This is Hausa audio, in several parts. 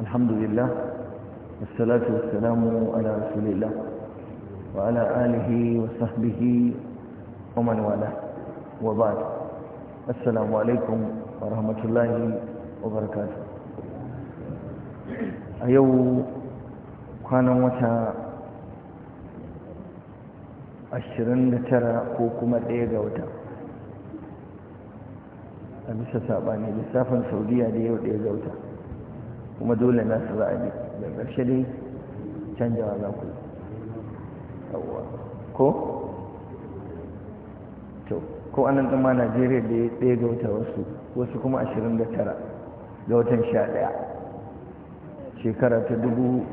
الحمد لله والصلاة والسلام على رسول الله وعلى آله وصحبه ومن والاه وبعد السلام عليكم ورحمة الله وبركاته أيو كان وتا ashirin da tara ko kuma ɗaya ga wata a bisa saɓani lissafin saudiya da yau ɗaya ga wata kuma dole na su ra'ayi a da ƙarshe dai canjawa za ku ko to ko anan ɗin ma najeriya da ya ɗaya ga wata wasu wasu kuma ashirin da tara ga watan sha ɗaya shekara ta dubu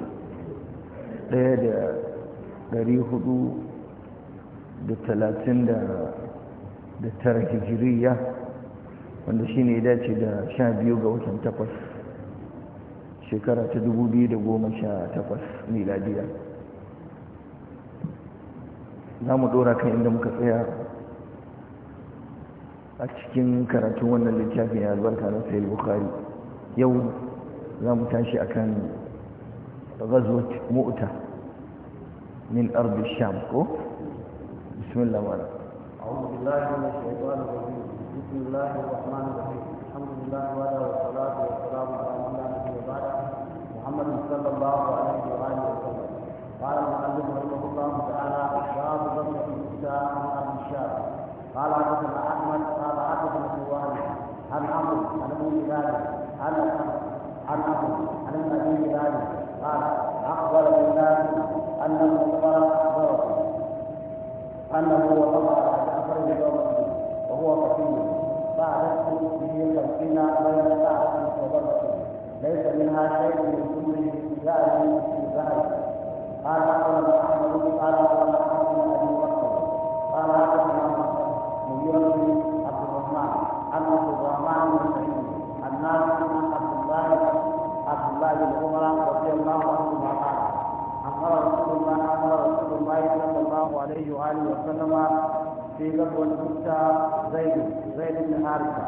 ɗaya da ɗari hudu da talatin da tara hijiriya wanda shine ya dace da sha biyu ga watan takwas shekara ta 2018 miladiya za mu dora kan inda muka tsaya a cikin karatun wannan littafin ya albarka na sayil bukari yau za mu tashi a kan gazot mu'uta min arbi sham ko bismillah mara أعوذ بالله من الشيطان الرجيم بسم الله الرحمن الرحيم الحمد لله محمد صلى الله عليه واله وسلم قال المؤلف رحمه الله تعالى باب ضمه موسى عن ابي الشاب قال حدثنا احمد قال حدثنا سواني عن عمرو عن ابي بلال عن عن عمرو عن ابي بلال قال اخبر بالله انه قال اخبره انه وقع على جعفر بن وهو قتيل فعرفت به تلقينا بين ساعه وضربه ليس منها شيء من كل ذلك في ذلك قال قال محمد قال قال محمد بن ابي بكر قال حدثنا مغيرة بن عبد الرحمن عن عبد الرحمن بن سعيد عن نافع عن عبد الله عبد الله بن عمر رضي الله عنهما قال امر رسول الله امر رسول الله صلى الله عليه واله وسلم في غزوه زيد زيد بن حارثه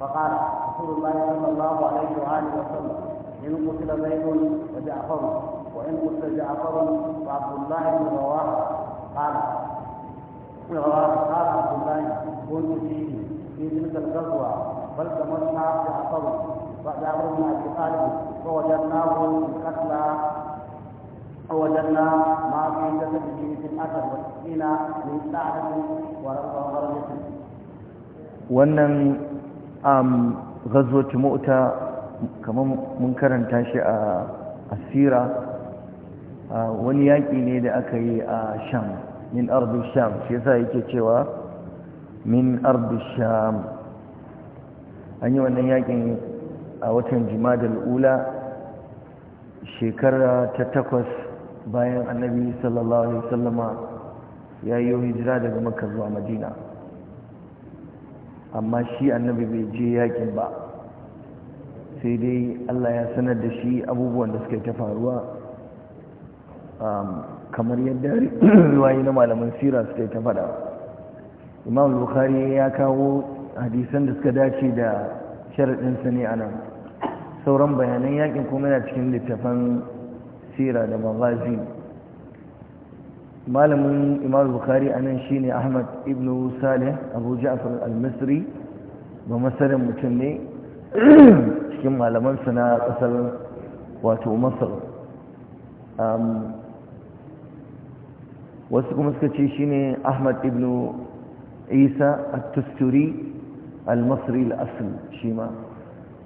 فقال رسول الله صلى الله عليه وآله وسلم إن قتل زيد فجعفر وإن قتل جعفر فعبد الله بن رواحة قال قال عبد الله كنت فيه في تلك الغزوة فالتمس جعفر فجعفر بن أبي طالب فوجدناه قتلى فوجدنا ما في جسده في الأثر والسكينه من ساعة ورقة غرزة wannan um, ghazwat mu'ta kamar mun karanta shi a asira wani yaƙi ne da aka yi a sham min ardu sham shi yasa yake cewa min ardu sham an yi wannan yaƙin a watan jimadal ula shekara ta takwas bayan annabi sallallahu alaihi ya yi hijira daga makka zuwa madina amma shi annabi bai je yakin ba sai dai Allah ya sanar da shi abubuwan da suka ta faruwa kamar yadda riwayi na malaman sira suka ta faɗa imam bukhari ya kawo hadisan da suka dace da sharaɗinsa ne a nan sauran bayanan yakin kuma yana cikin littafan sira da magazin malamin imam bukhari a nan ne ahmad ibn salih abu ja'far al-misri ba masarin mutum ne cikin malamansa na ƙasar wato masar wasu kuma suka ce ne ahmad ibn isa at-tusturi al-masri al-asl shi ma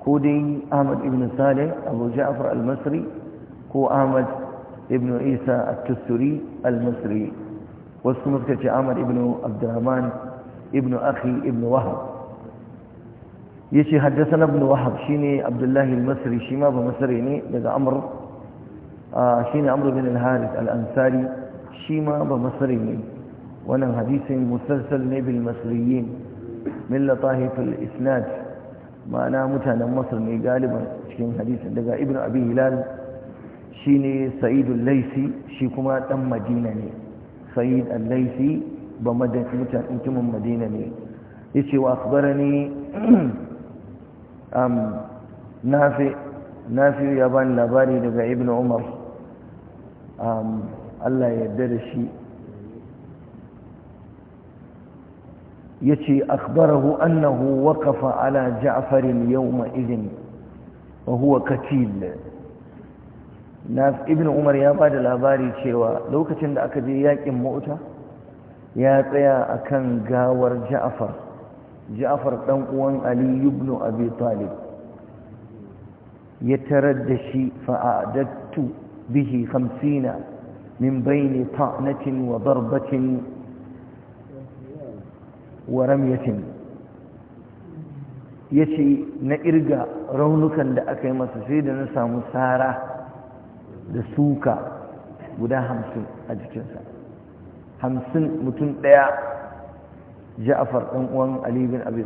ko dai ahmad ibn salih abu ja'far al-masri ko ahmad ابن عيسى التستري المصري واسمه كتي عمر ابن عبد الرحمن ابن أخي ابن وهب يشي حدثنا ابن وهب شيني عبد الله المصري شيما بمصريني لذا عمر آه شيني عمرو بن الحارث الأنصاري شيما بمصريني وانا حديث مسلسل نبي المصريين من في الإسناد ma'ana mutanen مصر مي غالبا شيني حديث لذا ابن أبي هلال shine Sa'idu laisi shi kuma dan madina ne sa'id al-laisi ba mutumin madina ne ce wa akhbarani am nafi ya bani labari daga ibnu umar Allah ya yarda da shi yace hu! annahu waqafa ala ja'far yau yawma idhin wa huwa katil na ibn umar ya ba da labari cewa lokacin da aka je yakin mota ya tsaya a kan gawar ja'afar ja'afar ɗan uwan ali ibn abi talib ya tarar da shi fa'adattu bihi hamsina min bayni ta'natin wa darbatin wa ramyatin ya ce na irga raunukan da aka yi masa sai da na samu sara da suka guda hamsin a jikinsa hamsin mutum ɗaya ja'afar ɗan uwan alibin bin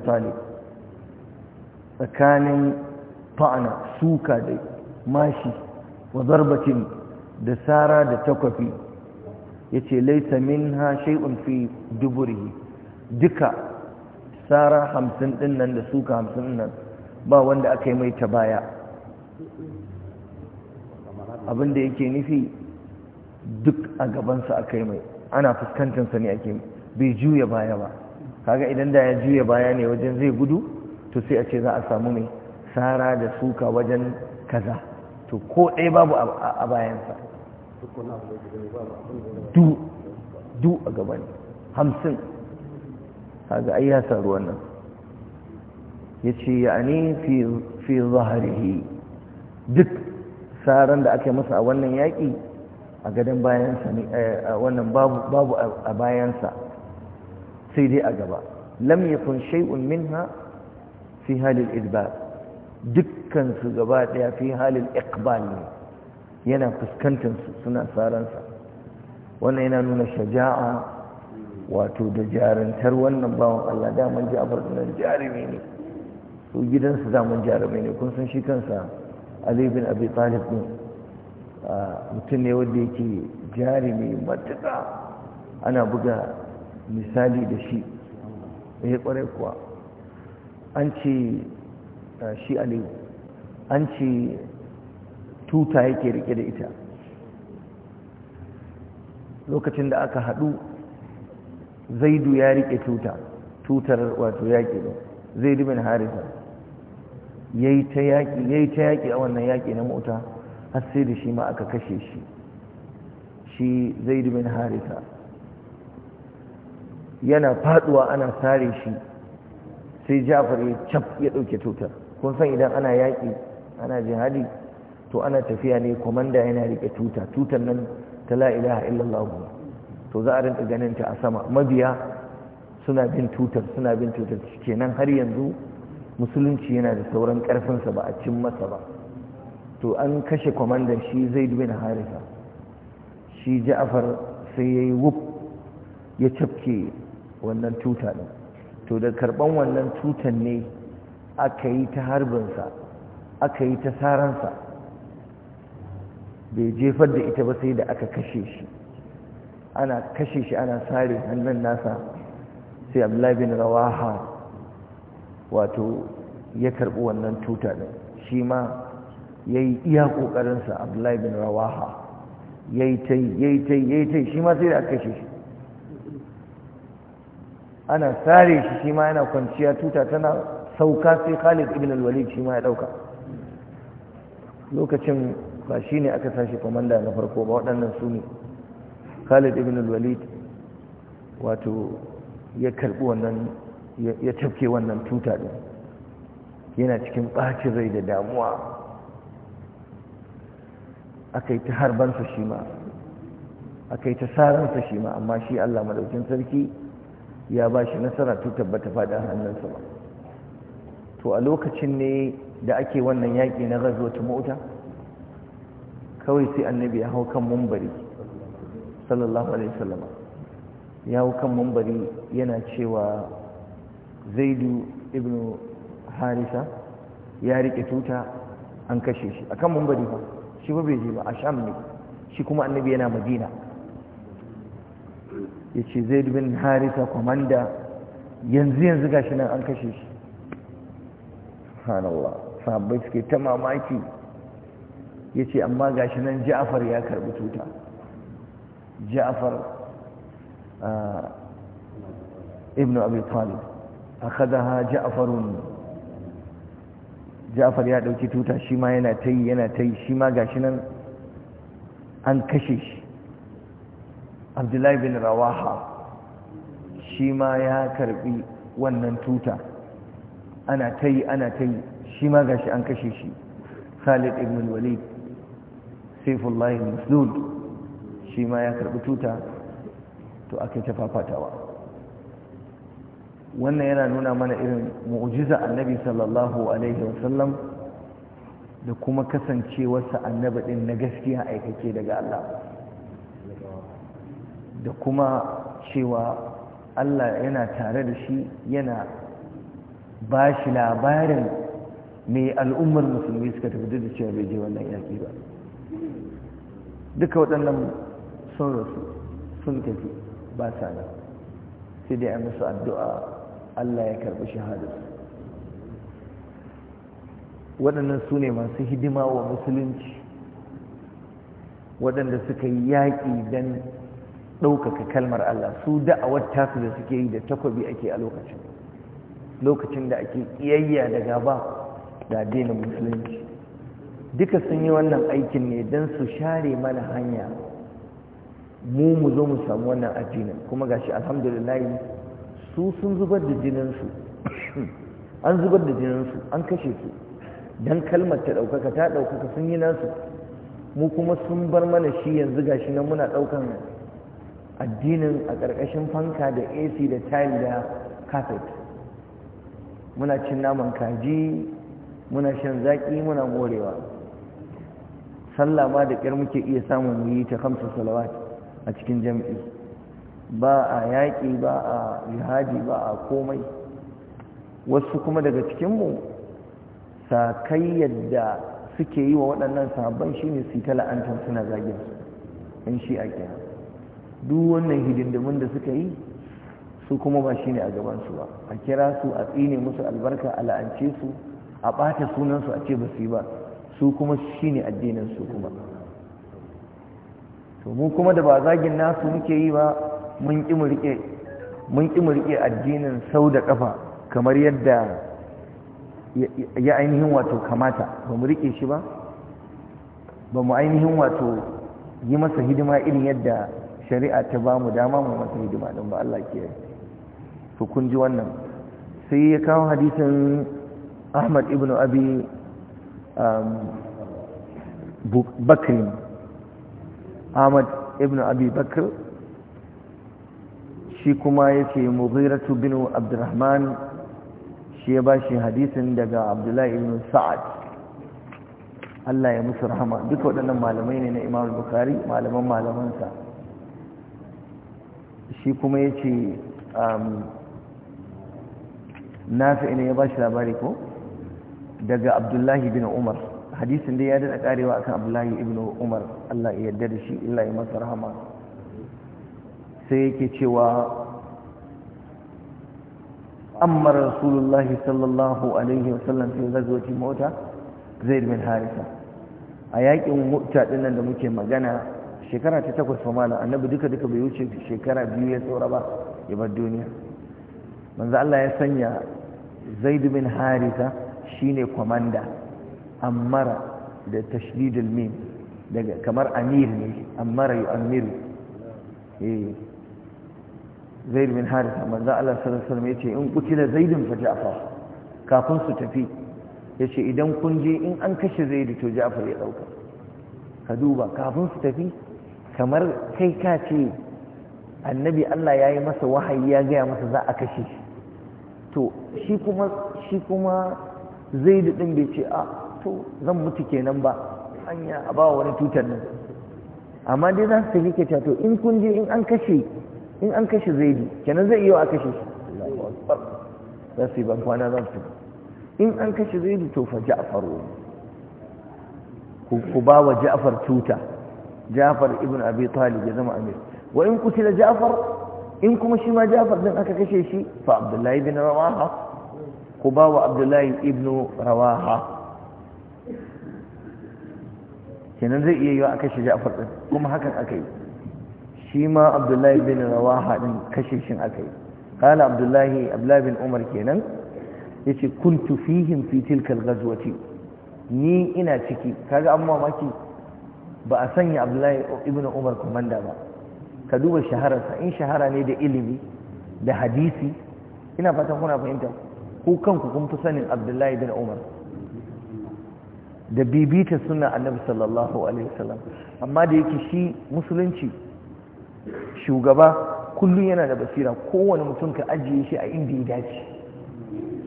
tsakanin fa'ana suka da mashi wa zarbacin da sara da takwafi ya ce laisa min ha shay'un fi duburi duka sara hamsin ɗin da suka hamsin nan ba wanda aka yi mai ta baya abin da yake nufi duk a gabansa aka yi mai ana fuskantinsa ne ake bai juya baya ba kaga idan da ya juya baya ne wajen zai gudu to sai a ce za a samu mai sara da suka wajen kaza to ko ɗaya babu a bayansa du a gaban hamsin kaga ai ya saru wannan ya ce ya ne fi zaharihi duk saran da aka masa a wannan yaƙi a gadon bayansa ne eh, a wannan babu a bayansa sai dai a gaba lam yakun shay'un minha fi halil idbar dukkan su gaba daya fi halil iqbal ne yana fuskantar su suna saransa wannan yana nuna shaja'a wato da jarantar wannan bawan Allah daman Ja'far da jarumi ne su gidansu daman jarumi ne kun san shi kansa ali bin abi talib din mutum ne wanda yake jari mai matuƙa ana buga misali da shi ya eh, kwarai kuwa an ce shi aliyu an ce tuta yake rike da ita lokacin da aka haɗu zaidu ya rike tuta tutar wato yaƙi ne zaidu bin harisa ya yi ta yaki a wannan yaki na mota har sai da shi ma aka kashe shi shi zai bin harisa yana faduwa ana sare shi sai jafar ya cap ya ɗauke tutar kun san idan ana yaƙi ana jihadi to ana tafiya ne kwamanda yana rike tuta tutar nan ta la'ilaha illallah to za a rinka ganin ta a sama mabiya suna bin tutar suna bin tutar kenan har yanzu musulunci yana da sauran ƙarfinsa ba a cin masa ba to an kashe kwamandan shi zai bin harisa shi ja'afar sai ya yi wuf ya cafke wannan tuta ɗin to da karɓan wannan tutan ne aka yi ta harbinsa aka yi ta saransa bai jefar da ita ba sai da aka kashe shi ana kashe shi ana sare hannun nasa sai labin rawa rawaha wato ya karɓi wannan tuta ɗin shi ma ya yi iya ƙoƙarinsa abdullahi bin rawaha ya yi ta yi ta yi ya yi ta yi shi ma sai da aka kashe shi ana sare shi shi ma yana kwanciya tuta tana sauka sai khalid ibn al-walid shi ma ya ɗauka lokacin ba shi ne aka sashi kwamanda na farko ba waɗannan su ne khalid ibn al-walid wato ya karɓi wannan ya tafke wannan tuta din yana cikin ɓacin rai da damuwa aka yi ta harbansa shi ma aka yi ta saransa shi ma amma shi allah madaukin sarki ya ba shi nasara tutar bata faɗa hannunsa ba to a lokacin ne da ake wannan yaƙi na ta mota kawai sai annabi ya hau kan mumbari sallallahu alaihi wasallama ya hau kan mumbari yana cewa zaidu ibn harisa ya rike tuta an kashe shi kan mambari ba shi ba bai je ba a sham ne shi kuma annabi yana madina ya ce zaidu bin harisa kwamanda yanzu yanzu gashi nan an kashe shi subhanallah sahabbai suke ta mamaki ya ce amma gashi nan ja'afar ya karbi tuta ja'afar ah, ibn abu talib akhadha ja'farun ja'far ya dauki tuta shi ma yana tai yana tai shi ma gashi nan an kashe shi abdullahi bin rawaha shi ma ya karbi wannan tuta ana tai ana tai shi ma gashi an kashe shi khalid ibn walid saifullahi maslud shi ma ya karbi tuta to aka ta fafatawa wannan yana nuna mana irin mu'ujiza annabi sallallahu alaihi wasallam da kuma kasancewarsa annabi din na gaskiya aikake daga Allah da kuma cewa Allah yana tare da shi yana ba shi labarin mai al'ummar musulmi suka tafi da cewa bai je wannan yaƙi ba duka waɗannan sun rasu sun tafi ba sa sai dai a musu addu'a Allah ya karɓi shahadarsu waɗannan su ne masu hidima wa musulunci waɗanda suka yi yaƙi don ɗaukaka kalmar Allah su da'awar tasu da suke yi da takwabi ake a lokacin lokacin da ake ƙiyayya da gaba da dina musulunci duka sun yi wannan aikin ne don su share mana hanya mu mu zo mu samu wannan addinin kuma gashi alhamdulillah su sun zubar da jininsu an zubar da jininsu an kashe su don kalmar ta ɗaukaka ta ɗaukaka sun yi nasu mu kuma sun bar mana shi yanzu gashi nan muna ɗaukan addinin a ƙarƙashin fanka da ac da tile da carpet muna cin naman kaji muna shan zaƙi muna morewa sallah ma da kyar muke iya samun muyi ta kamsa salawat a cikin jam'i ba a yaƙi ba a jihadi ba a komai wasu kuma daga cikinmu sakai yadda suke yi wa waɗannan sabon shi ne su ta la'antar suna zagin in shi a kira duk wannan hidindimin da suka yi su kuma ba shi ne a gabansu ba a kira su a tsine musu albarka a la'ance su a ɓata sunansu a ce ba su yi ba su kuma shi ne addinin su kuma to mu kuma da ba zagin nasu muke yi ba mun ƙi mu riƙe addinin sau da ƙafa kamar yadda ya ainihin wato kamata ba mu riƙe shi ba ba mu ainihin wato yi masa hidima irin yadda shari'a ta ba mu dama mu masa hidima don ba Allah ke to kun ji wannan sai ya kawo hadisin ahmad ibn abi um, bakrin ahmad ibn abi bakr shi kuma ya ce mughiratu bin abdurrahman shi ya ba shi hadisin daga abdullahi ibn sa'ad Allah ya musu rahama duk waɗannan malamai ne na imam bukari malaman malamansa shi kuma ya ce um, nafi ne ya ba shi labari ko daga abdullahi bin umar hadisin da ya daɗa ƙarewa akan abdullahi ibn umar Allah ya yarda da shi Allah ya musu rahama sai yake cewa amma rasulullahi sallallahu alaihi wasallam fi ghazwati mota zaid bin harisa a yakin mota dinnan da muke magana shekara ta takwas fa mala annabi duka duka bai wuce shekara biyu ya tsora ba ya bar duniya manzo Allah ya sanya zaid bin harisa shine komanda ammara da tashdidul mim daga kamar amir ne ammara yu'ammiru eh zaid bin harisa manzo Allah sallallahu alaihi wasallam yace in kutila zaidun fa ja'far kafin su tafi yace idan kun je in an kashe zaidu to ja'far ya dauka ka duba kafin su tafi kamar kai ka ce annabi Allah ya yi masa wahayi ya gaya masa za a kashe shi to shi kuma shi kuma zaid din bai ce a ah, to zan mutu kenan ba anya a ba wani tutar nan amma dai za su tafi ke to in kun je in an kashe in an kashe zaidi kenan zai iya a kashe shi za su yi ban kwana za su in an kashe zaidi to fa ja'far ku ba wa ja'far tuta ja'far ibn abi talib ya zama amir wa in kutila ja'far in kuma shi ma ja'far din aka kashe shi fa abdullahi bin rawaha ku ba wa abdullahi ibn rawaha kenan zai iya yi a kashe ja'far din kuma hakan aka yi shi ma abdullahi bin rawaha din kashe shin aka yi kala abdullahi abdullahi bin umar kenan ya ce kuntu fihim fi tilkal gazwati ni ina ciki kaga an mamaki ba a sanya abdullahi ibn umar komanda ba ka duba shahararsa in shahara ne da ilimi da hadisi ina fatan kuna fahimta Ko kanku kun fi sanin abdullahi bin umar da bibita suna annabi sallallahu alaihi wasallam amma da yake shi musulunci shugaba kullum yana da basira kowane mutum ka ajiye shi a inda ya dace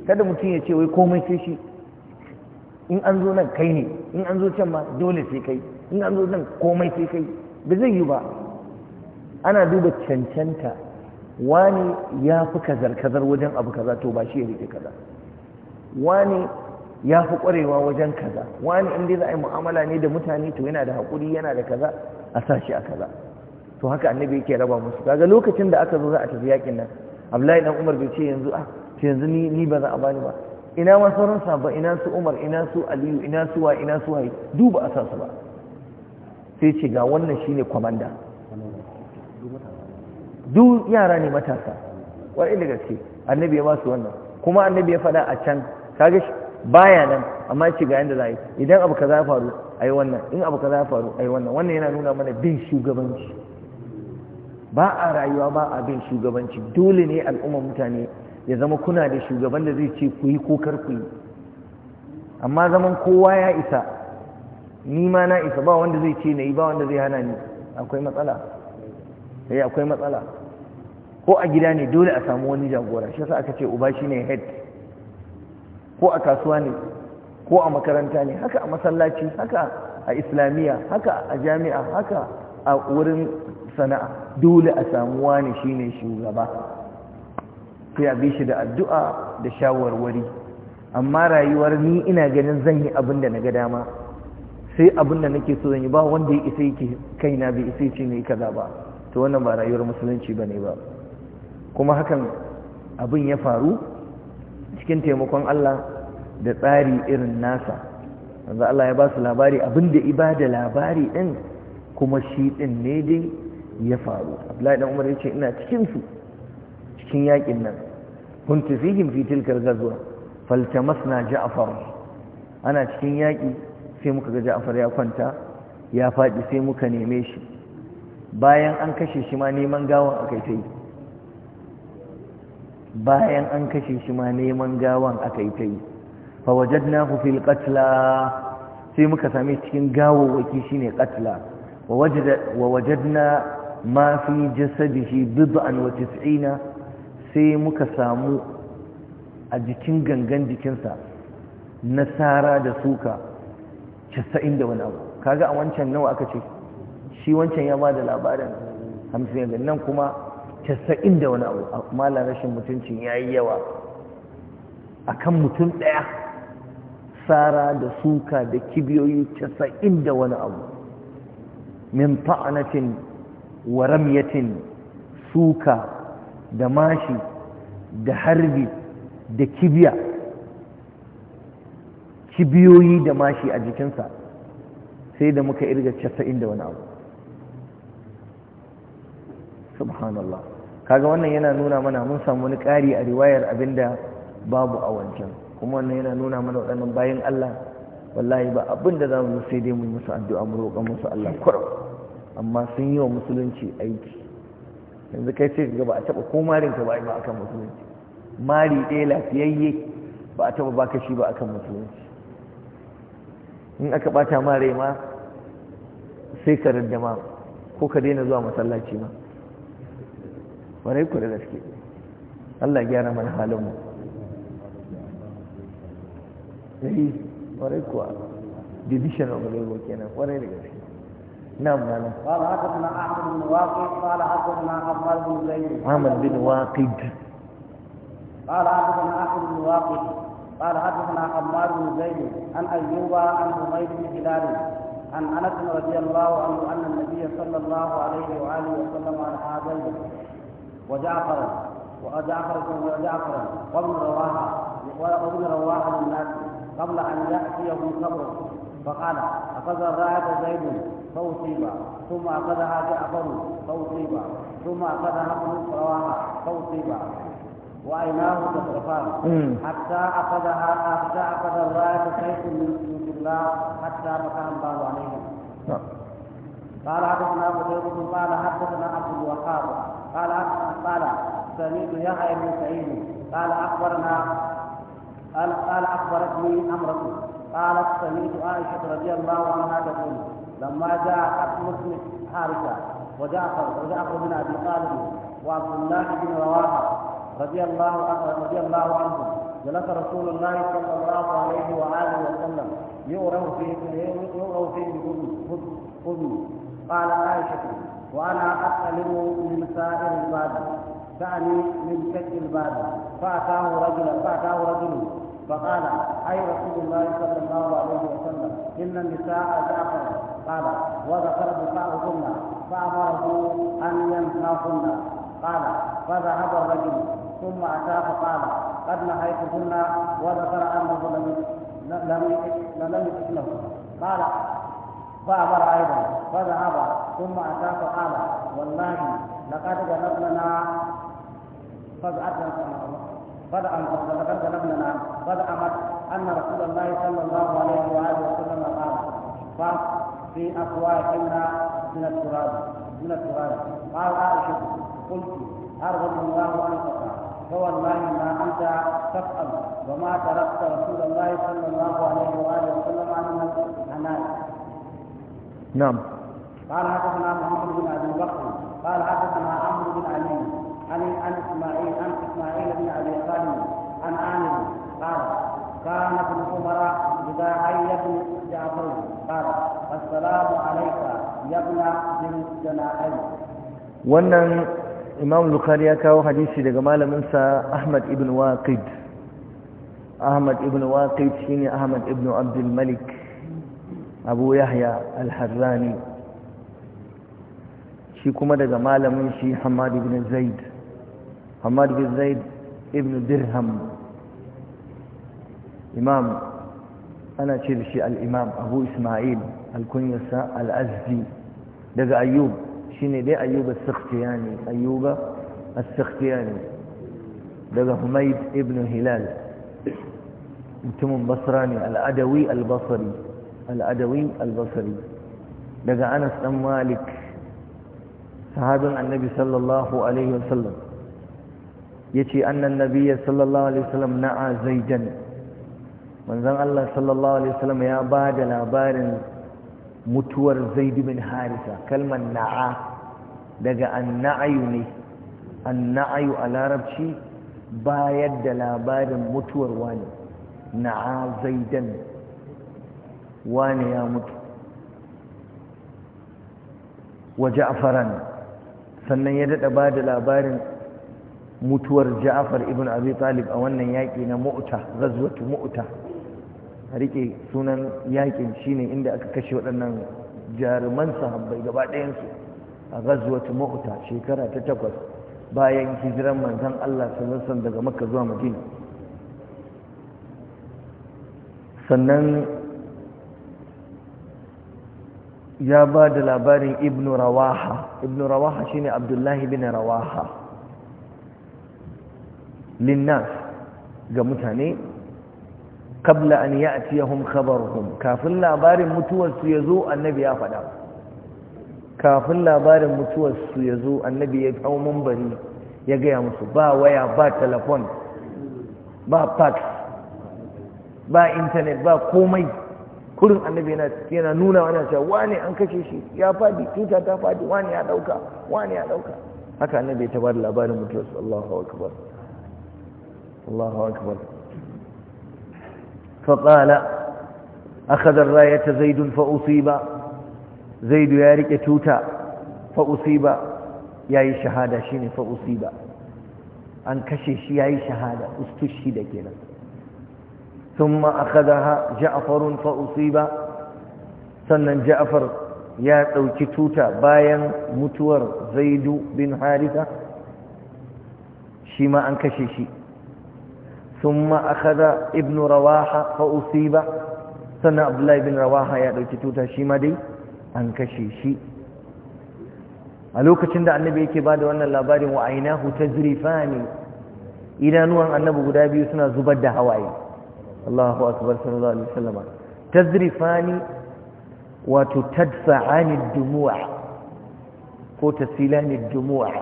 kada mutum ya ce wai komai sai shi in an zo nan kai ne in an zo can ma dole sai kai in an zo nan komai sai kai ba zai yi ba ana duba cancanta wani ya fi kazar-kazar wajen abu kaza to ba shi ya rike kaza wani ya fi ƙwarewa wajen kaza wani inda za a yi mu'amala ne da mutane to yana da haƙuri yana da kaza a sa shi a kaza to haka annabi yake raba musu kaga lokacin da aka zo za a tafi yakin nan Abdullahi dan Umar bai ce yanzu ah yanzu ni ni ba za a bani ba ina ma sauran sahaba ina su Umar ina su Aliyu ina su wa ina su Wai duba a sa su ba sai ce ga wannan shine komanda du yara ne matasa wai da gaske annabi ya ba su wannan kuma annabi ya faɗa a can kaga baya nan amma ce ga yanda za yi idan abu kaza ya faru a yi wannan in abu kaza ya faru a yi wannan wannan yana nuna mana bin shugabanci ba a rayuwa ba bin shugabanci dole ne al'ummar mutane ya zama kuna da shugaban da zai ce ku yi ko kar ku yi amma zaman kowa ya isa ni ma na isa ba wanda zai ce na yi ba wanda zai hana ni akwai matsala eh akwai matsala ko a gida ne dole a samu wani jagora shi yasa aka ce uba shine head ko a kasuwa ne ko a makaranta ne haka a masallaci haka a islamiyya haka a jami'a haka a wurin sana'a dole a samu wani shine shugaba sai a bi da addu'a da shawarwari amma rayuwar ni ina ganin zan yi abin da na ga dama sai abin da nake so zan yi ba wanda ya isa yake kaina bai isa yake mai kaza ba to wannan ba rayuwar musulunci bane ba kuma hakan abin ya faru cikin taimakon Allah da tsari irin nasa yanzu Allah ya ba su labari abin da ibada labari din kuma shi din ne dai ya faru abdullahi dan umar yace ina cikin su cikin yakin nan kuntu fihim fi tilkal ghazwa faltamasna ja'far ana cikin yaki sai muka ga ja'far ya kwanta ya faɗi sai muka neme shi bayan an kashe shi ma neman gawan akai tai bayan an kashe shi ma neman gawan akai tai fa wajadnahu fil qatla sai muka same cikin gawo waki shine qatla wa wajadna ma fi jasadihi bid'an wa tis'ina sai muka samu a jikin gangan jikinsa nasara da suka 90 da wani abu kaga a wancan nawa aka ce shi wancan ya bada labarin hamsin ga nan kuma 90 da wani abu mala rashin mutuncin yayi yawa akan mutum daya sara da suka da kibiyoyi 90 da wani abu min ta'anatin wa ramyatin suka da mashi da harbi da kibiya kibiyoyi da mashi a jikinsa sai da muka irga casa'in da wani abu subhanallah kaga wannan yana nuna mana mun samu wani ƙari a riwayar abinda babu a wancan kuma wannan yana nuna mana waɗannan bayan Allah wallahi ba abinda za mu sai dai mu musu addu'a mu roƙa musu Allah amma sun yi wa musulunci aiki yanzu kai ce ga ba a taɓa ko ka ba a akan musulunci mari ɗaya lafiyayye ba a taɓa baka shi ba akan musulunci in aka ɓata mare ma sai ka radda ma ko ka daina zuwa masallaci ma warai ku da gaske Allah gyara mana halin mu eh warai kuwa division of labor kenan warai da gaske نعم قال حدثنا احمد بن واقد قال حدثنا عمر بن زيد عمر بن واقد قال حدثنا احمد بن واقد قال حدثنا عمار بن زيد عن ايوب عن حميد بن هلال عن انس رضي الله عنه ان النبي صلى الله عليه واله وسلم عن هذين وجعفر وجعفر وجعفر وابن رواحه وابن رواحه للناس قبل ان ياتيه قبره فقال اخذ الراعي زيد فأصيب ثم أخذها جعفر فأصيب ثم أخذها ابن رواحة فأصيب وأيناه تطرفان حتى أخذها حتى أخذ الراية سيف من سيوف الله حتى بكى الله عليهم نعم. قال حدثنا قتيبة قال حدثنا عبد الوهاب قال قال سمعت يحيى بن سعيد قال أخبرنا قال أخبرتني أمرك قالت سمعت عائشة رضي الله عنها تقول لما جاء حكم مسلم حارثة وجعفر وجعفر بن أبي طالب وعبد الله بن رواحة رضي الله عنه رضي الله عنهم جلس رسول الله صلى الله عليه وآله وسلم يؤره فيه يؤره في بأذن قال عائشة وأنا أسألم من سائر الباب تعني من شك الباب فأتاه رجل فأتاه رجل فقال أي رسول الله صلى الله عليه وسلم إن النساء زعفر قال وذكر نساؤهن فأمره أن ينساهن قال فذهب الرجل ثم أتى فقال قد نهيتهن وذكر أنه لم لم لم يسكنه قال فأمر أيضا فذهب ثم أتى فقال والله لقد جلبنا فزعتنا لقد جلبنا قد أمر أن رسول الله صلى الله عليه وآله وسلم قال فاس في أفواهنا من التراب من التراب قال عائشة قلت أرغب الله أنفك فوالله ما أنت تفعل وما تركت رسول الله صلى الله عليه وآله وسلم عن الحنان نعم قال حدثنا محمد بن أبي بكر قال حدثنا عمرو بن علي عن عن إسماعيل عن إسماعيل بن أبي خالد عن عامر قال كانت الكبرى إذا عينوا جعفر قال السلام عليك يا ابن ذي الجناحين wannan imam bukhari ya kawo hadisi daga malaminsa ahmad ibn waqid ahmad ibn waqid shine ahmad ibn abdul malik abu yahya al-harrani shi kuma daga malamin shi hamad ibn zaid hamad ibn zaid ibn dirham إمام أنا شرشي الإمام أبو إسماعيل الكنيسة الأزدي لذا أيوب شيني دي أيوب السختياني أيوب السختياني لذا هميد ابن هلال انتم بصراني الأدوي البصري الأدوي البصري لذا أنس مالك صحاب عن النبي صلى الله عليه وسلم يتي أن النبي صلى الله عليه وسلم نعى زيجا manzon Allah sallallahu alaihi wasallam ya ba da labarin mutuwar Zaid bin Harisa kalmar na'a daga anna'ayu ne anna'ayu a larabci bayar da labarin mutuwar wani na'a zaidan wani ya mutu Waje afaran sannan ya daɗa ba da labarin mutuwar ja'far ibn abi talib a wannan yaƙi na mu'ta ghazwatu mu'ta rike sunan yakin shine inda aka kashe waɗannan jaruman sahabbai gaba ɗayansu a ghazwatu mahuta shekara ta takwas bayan hijiran manzan Allah sallallahu daga Makka zuwa Madina sannan ya ba da labarin ibn rawaha ibn rawaha shine abdullahi bin rawaha linnas ga mutane kabla an yi a ya'tiyahum khabaruhum kafin labarin mutuwarsu ya zo annabi ya faɗa kafin labarin mutuwarsu ya zo annabi ya kawo mambari ya gaya musu ba waya ba telefon ba fax ba intanet ba komai kurin annabi yana nuna wani cewa Wani an kashe shi ya faɗi tuta ta faɗi wani ya ɗauka wani ya ɗauka haka annabi ta bada labarin mutuwarsu su Allahu akbar Allahu akbar فقال أخذ الراية زيد فأصيب زيد يا ريك توتا فأصيب يا شهادة شيني فأصيب أن كشش يا شهادة استشهد كده ثم أخذها جعفر فأصيب sannan ja'afar ya ɗauki tuta bayan mutuwar zaidu bin harisa shi ma an kashe shi ثم أخذ ابن رواحة فأصيب سنة عبد الله بن رواحة يا tuta, توتا شيما دي an kashe shi a lokacin da annabi yake ba da wannan labarin wa ta zurifani idanuwan annabi guda biyu suna zubar da hawaye Allahu akbar sallallahu alaihi wasallam tazrifani wato tadfa'ani ad-dumu'a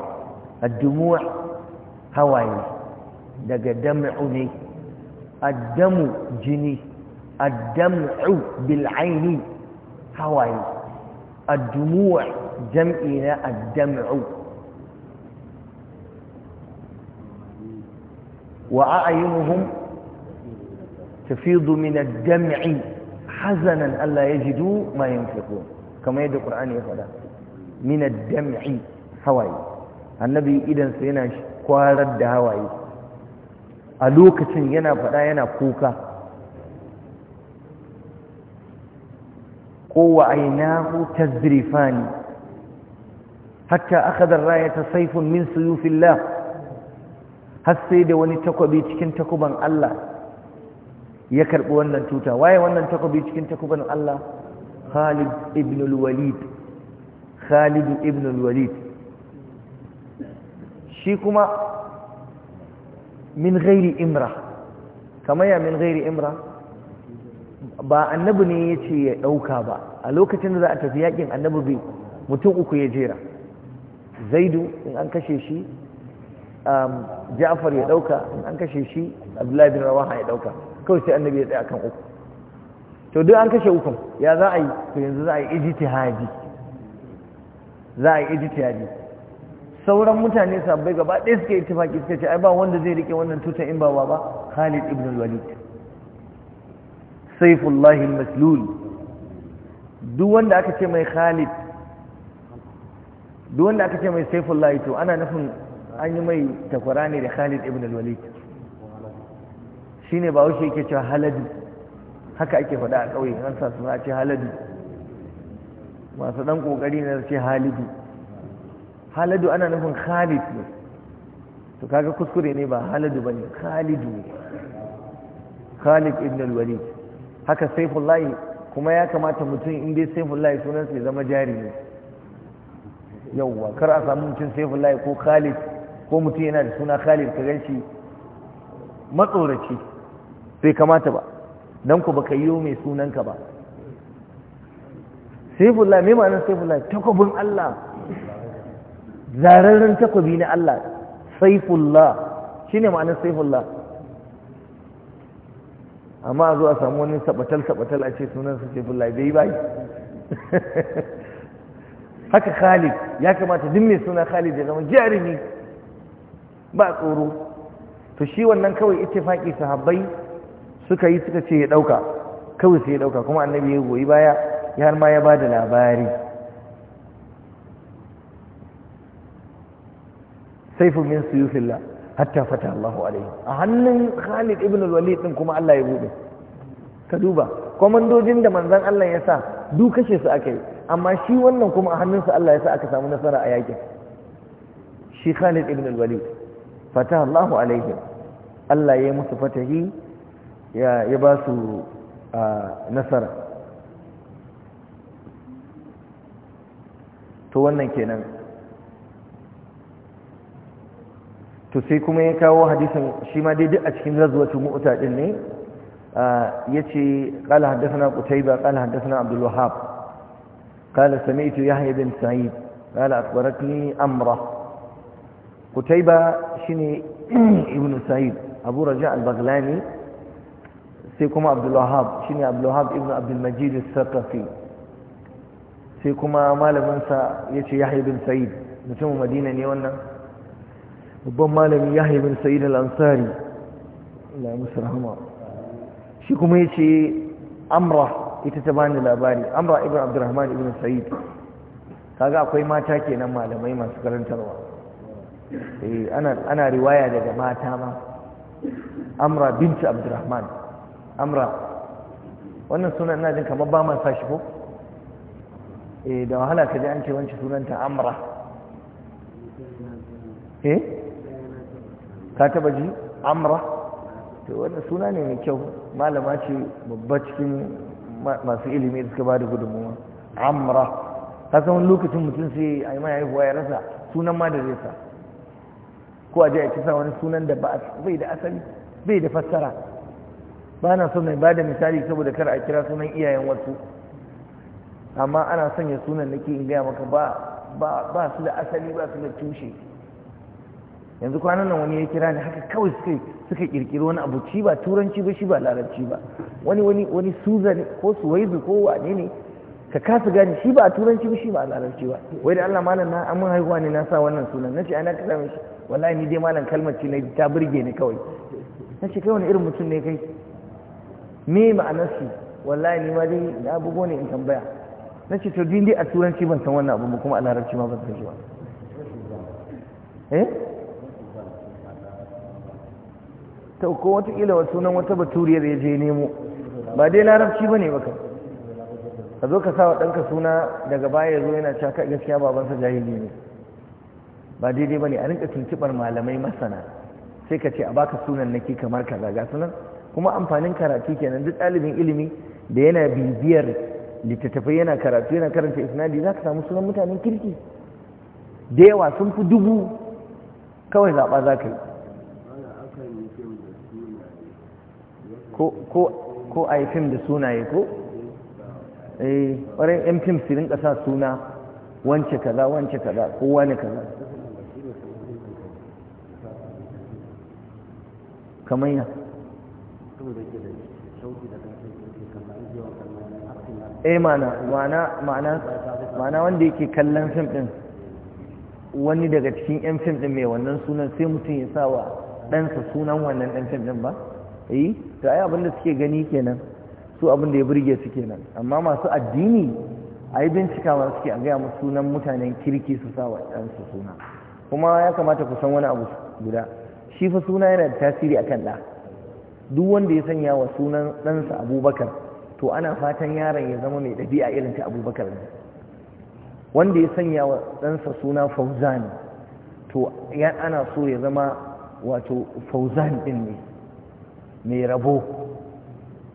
ko hawaye daga dam'u ne addamu jini addam'u bil aini hawaye addumu'a jam'i na addam'u wa a'yunuhum tafidu min addam'i hazanan alla yajidu ma yunfiqun kama yadda qur'ani ya fada min addam'i dami hawaye annabi idan sai yana kwarar da hawaye a lokacin yana faɗa yana kuka kowa ainihu tazrifani hatta akhadha ar ta saifin min suyufillah har sai da wani takobi cikin takuban Allah ya karbi wannan tuta waye wannan takobi cikin takuban Allah Khalid ibn al-Walid Khalid ibn al-Walid shi kuma min ghairi imra kamar ya min ghairi imra ba annabi ne ya ce ya ɗauka ba a lokacin da za a tafi yakin annabi bai mutum uku ya jera zaidu in an kashe shi um, ja'far ya ɗauka in an kashe shi abdullahi bin rawaha ya ɗauka kawai sai annabi ya tsaya kan uku to duk an kashe ukun ya za a yi to yanzu za a yi ijtihadi za a yi ijtihadi sauran mutane sabbai gaba ɗaya suke yi tufaki suka ce ai ba wanda zai rike wannan tutan in ba ba Khalid ibn al-Walid Saifullahi al-Maslul duk wanda aka ce mai Khalid duk wanda aka ce mai Saifullahi to ana nufin an yi mai takwara ne da Khalid ibn al-Walid shine ba wuce yake cewa haladu haka ake faɗa a ƙauye an sa suna ce haladu masu ɗan ƙoƙari na ce halidu haladu ana nufin khalid ne to kaga kuskure ne ba haladu bane khalidu khalid ibn al-walid haka saifullahi kuma ya kamata mutum in dai saifullahi sunan sai zama jari ne yawwa kar a samu mutum saifullahi ko khalid ko mutum yana da suna khalid ka ganshi matsoraci sai kamata ba dan ku baka yiwo mai sunanka ba saifullahi mai ma'anar saifullahi takwabin Allah zararren takobi na Allah saifullah shine ma'anin saifullah amma a zo a samu wani sabatal sabatal a ce sunan su ce saifullah bai bai haka Khalid ya kamata duk mai suna Khalid ya zama jarumi ba tsoro to shi wannan kawai ita ittifaki sahabbai suka yi suka ce ya ɗauka, kawai sai ya ɗauka. kuma annabi ya goyi baya ya har ma ya ba da labari saifun min suyufillah hatta fata Allahu alaihi a hannun Khalid ibn al-Walid din kuma Allah ya bude ka duba komandojin da manzon Allah ya sa du kashe su aka yi amma shi wannan kuma a hannunsa Allah ya sa aka samu nasara a yakin shi Khalid ibn al-Walid fata Allahu alaihi Allah ya musu fatahi ya ya ba su nasara to wannan kenan to sai kuma ya kawo hadisan, shi ma dai duk a cikin razwatu mu'ta din ne Ya yace qala haddathana qutayba qala haddathana abdul wahhab qala sami'tu yahya bin sa'id qala akhbaratni amra qutayba shine ibn sa'id abu raja al-baghlani sai kuma Abdullahab, wahhab shine Abdullahab wahhab ibn abdul majid al-thaqafi sai kuma malamin sa yace yahya bin sa'id mutumin madina ne wannan babban malami ya haibin sa'id al-ansari Allah ya shi kuma ya ce amra ita ta bani labari amra ibn abdurrahman ibn sa'id kaga akwai mata kenan malamai masu karantarwa eh, ana riwaya daga mata ma amra bint abdurrahman amra wannan sunan ina jin kamar ba man sashi ko eh, da wahala kaje an ce wancan sunanta amra eh ka taba ji amra to wannan suna ne mai kyau malama ce babba cikin masu ilimi da suka ba da gudunmuwa amra ta san lokacin mutum sai a yi mai haihuwa ya rasa sunan ma da ko a je a kisa wani sunan da bai da asali bai da fassara ba na son mai ba da misali saboda kar a kira sunan iyayen wasu amma ana sanya sunan nake in gaya maka ba ba su da asali ba su da tushe yanzu kwanan nan wani ya kira ni haka kawai suka suka kirkiri wani abu ci ba turanci ba shi ba larabci ba wani wani wani ne ko suwaizu ko wane ne ka kasa gani shi ba turanci ba shi ba larabci ba wai da Allah malam na amin haihuwa ne na sa wannan sunan nace ana na same shi wallahi ni dai malam kalmar ce ne ta burge ni kawai nace kai wani irin mutum ne kai me ma'anar shi wallahi ni ma dai na bugo ne in tambaya nace to din dai a turanci ban san wannan abu ba kuma a larabci ma ban san shi ba eh ta ko ila wa sunan wata baturiyar ya je nemo ba dai larabci ba ne ba ka zo ka sa wa ɗanka suna daga baya ya zo yana kai gaskiya babansa jahili ne ba daidai ba ne a rinka tuntuɓar malamai masana sai ka ce a baka sunan naki kamar kaza ga sunan kuma amfanin karatu kenan duk ɗalibin ilimi da yana bibiyar littattafai yana karatu yana karanta isnadi za ka samu sunan mutanen kirki da yawa sun fi dubu kawai zaɓa za ka yi ko a yi fim da sunaye ko eh ƙwarai yan fim su rinka sa suna wance kaza wance kaza ko wani kaza kamar ya eh mana ma'ana wanda yake kallon fim din wani daga cikin yan fim din mai wannan sunan sai mutum ya sa wa ɗansa sunan wannan ɗan fim din ba eh ta ai abin suke gani kenan su abin ya burge su kenan amma masu addini ai bincikawa suke a gaya musu sunan mutanen kirki su sa wa suna kuma ya kamata ku san wani abu guda shi fa suna yana da tasiri a kan ɗa duk wanda ya sanya wa sunan ɗansa abubakar to ana fatan yaron ya zama mai ɗabi'a irin ta abubakar ne wanda ya sanya wa ɗansa suna fauzan to ana so ya zama wato fauzan ɗin ne mai rabo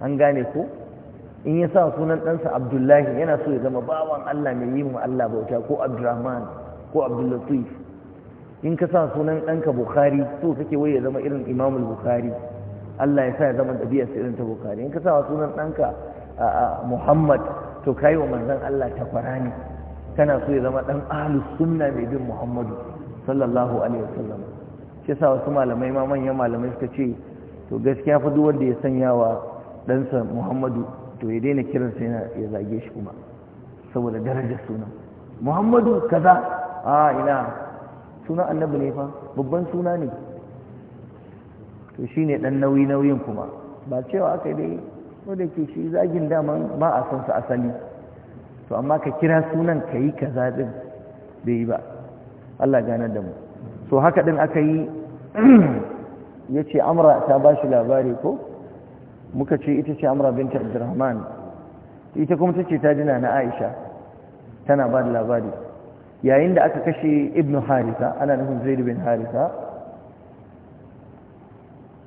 an gane ko in ya sa sunan ɗansa abdullahi yana so ya zama bawan allah mai yi wa allah bauta ko abdurrahman ko abdullatif in ka sa sunan ɗanka bukhari so kake wai ya zama irin imamul bukhari allah ya sa ya zama ɗabi'arsa irin ta bukhari in ka sa sunan ɗanka muhammad to kai wa manzon allah takwara ne kana so ya zama ɗan ahlus sunna mai bin muhammadu sallallahu alaihi wasallam shi sa wasu malamai ma manyan malamai suka ce to gaskiya fa duk wanda ya sanya wa ɗansa muhammadu to ya daina kiran yana ya zage shi kuma saboda darajar suna muhammadu kaza a ina sunan annabi ne fa babban suna ne to shine ɗan nauyi nauyin kuma ba cewa aka dai wadda ke shi zagin daman ba a san asali to amma ka kira sunan ka yi kaza din bai yi ba Allah gane da mu so haka din aka yi ya ce amra ta ba shi labari ko muka ce ita ce amra binta abdurrahman ita kuma ta ce ta jina na aisha tana ba da labari yayin da aka kashe ibnu harisa ana nufin zaid bin harisa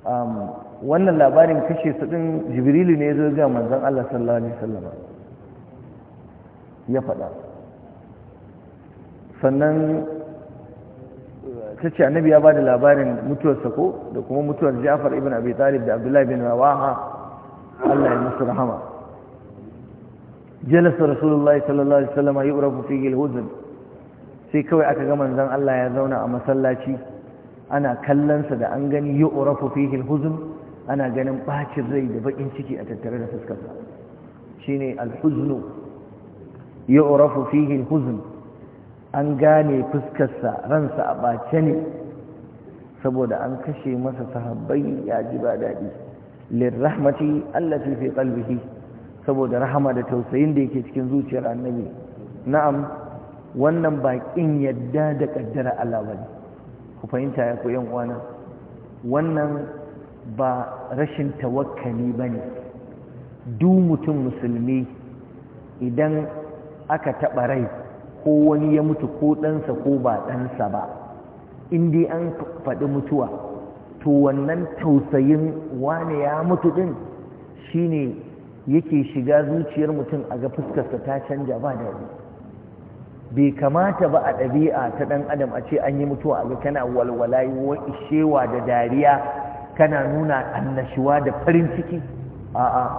um, wannan labarin kashe su din jibrilu ne zo ga manzon Allah sallallahu alaihi wasallam ya faɗa sannan ta ce annabi ya ba da labarin mutuwar sako da kuma mutuwar ja'far ibn abi talib da abdullahi bin rawaha Allah ya musu rahama jalasa rasulullahi sallallahu alaihi wasallam yu'rafu fihi al-huzn sai kawai aka ga manzon Allah ya zauna a masallaci ana kallonsa da an gani yu'rafu fihi al-huzn ana ganin bacin rai da bakin ciki a tattare da fuskarsa shine alhuznu huzn yu'rafu fihi al-huzn an gane fuskarsa ransa a ɓace ne saboda an kashe masa sahabbai ya ji ba daɗi lirrahmati allati fi qalbihi saboda rahama da tausayin da yake cikin zuciyar annabi na'am wannan baƙin yadda da kaddara Allah bane ku fahimta ya ku yan uwana wannan ba rashin tawakkali bane ne duk mutum musulmi idan aka taɓa rai ko wani ya mutu ko ɗansa ko ba ɗansa ba in an faɗi mutuwa to wannan tausayin wane ya mutu ɗin ne yake shiga zuciyar mutum a ga fuskarsa ta canja ba daɗi bai kamata ba a ɗabi'a ta ɗan adam a ce an yi mutuwa a ga kana walwala wa ishewa da dariya kana nuna annashuwa da farin ciki a'a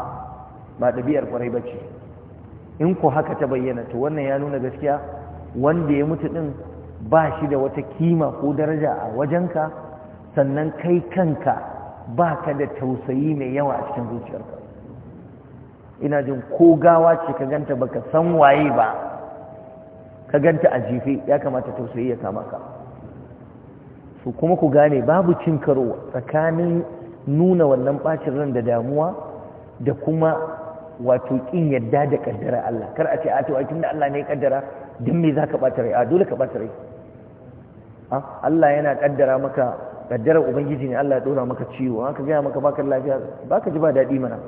ba ɗabi'ar ƙwarai ba ce in ku haka ta bayyana to wannan ya nuna gaskiya wanda ya mutu ɗin ba shi da wata kima ko daraja a wajenka sannan kai kanka ba ka da tausayi mai yawa a cikin zuciyarka ina jin ko gawa ce ka ganta baka san waye ba ka ganta a jife ya kamata tausayi ya kama ka su kuma ku gane babu cin karo tsakanin nuna wannan ɓacin ran da damuwa da kuma wato kin yadda da kaddara Allah kar a ce a to ai tunda Allah ne ya kaddara dan me zaka bata rai a dole ka bata rai Allah yana kaddara maka kaddara ubangiji ne Allah ya dora maka ciwo an ka gaya maka baka lafiya baka ji ba dadi mana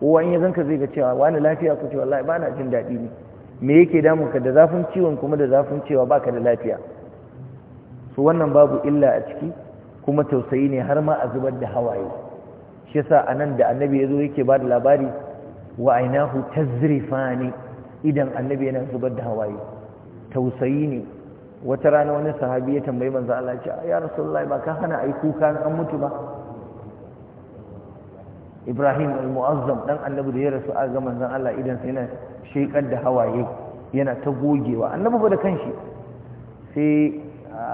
kowa in ya zanka zai ga cewa wani lafiya ku ce wallahi ba na jin dadi ne me yake damun ka da zafin ciwon kuma da zafin cewa baka da lafiya su wannan babu illa a ciki kuma tausayi ne har ma a zubar da hawaye shi yasa anan da annabi yazo yake ba da labari wa ainahu tazrifani idan annabi yana zubar da hawaye tausayi ne wata rana wani sahabi ya tambayi manzo Allah ce ya rasulullahi ba ka hana ai kuka an mutu ba Ibrahim al-Mu'azzam dan annabi da ya rasu a ga manzon Allah idan sai yana shekar da hawaye yana ta gogewa annabi ba da kanshi sai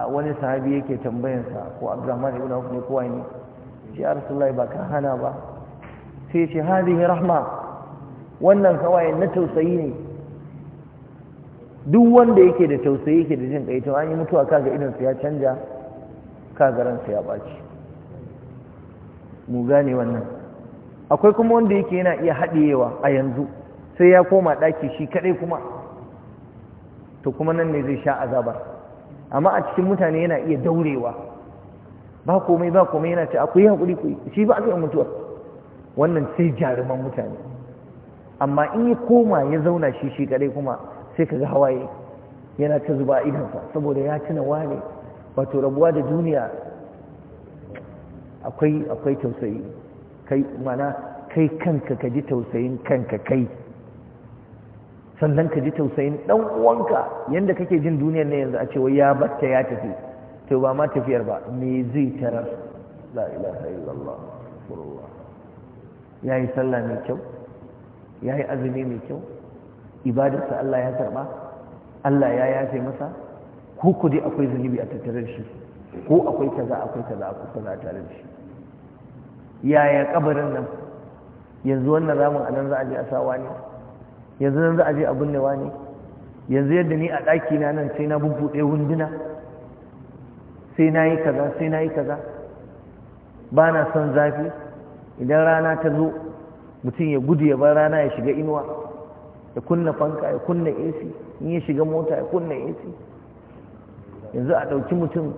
wani sahabi yake tambayansa ko Abdurrahman ibn Auf ne ko wani ya rasulullahi ba ka hana ba sai ce hadhihi rahma wannan hawayen na tausayi ne duk wanda yake da tausayi yake da jin kai to an yi mutuwa kaga idan su ya canja kaga ransa ya baci mu gane wannan akwai kuma wanda yake yana iya haɗiyewa a yanzu sai ya koma ɗaki shi kaɗai kuma to kuma nan ne zai sha azabar amma a cikin mutane yana iya daurewa ba komai ba komai yana ce akwai haƙuri ku shi ba a mutuwa wannan sai jaruman mutane amma in ya koma ya zauna shi shi kadai kuma sai kaga hawaye yana ta zuba idansa saboda ya tuna wane wato rabuwa da duniya akwai akwai tausayi kai mana kai kanka ka ji tausayin kanka kai sannan ka ji tausayin dan uwanka yanda kake jin duniyar ne yanzu a ce wai ya batta ya tafi to ba ma tafiyar ba me zai tarar la ilaha illallah ya yi sallah mai kyau ya yi azumi mai kyau ibadarsa Allah ya karɓa Allah ya yafe masa ko ku dai akwai zunubi a tattare da shi ko akwai kaza akwai kaza kusa kaza tare da shi yaya kabarin nan yanzu wannan ramin anan za a je a sawa ne yanzu nan za a je a binnewa ne yanzu yadda ni a ɗaki na nan sai na bubbuɗe wunduna sai na yi kaza sai na yi kaza ba na son zafi idan rana ta zo mutum ya gudu ya bar rana ya shiga inuwa ya kunna fanka ya kunna AC in ya shiga mota ya kunna AC yanzu a ɗauki mutum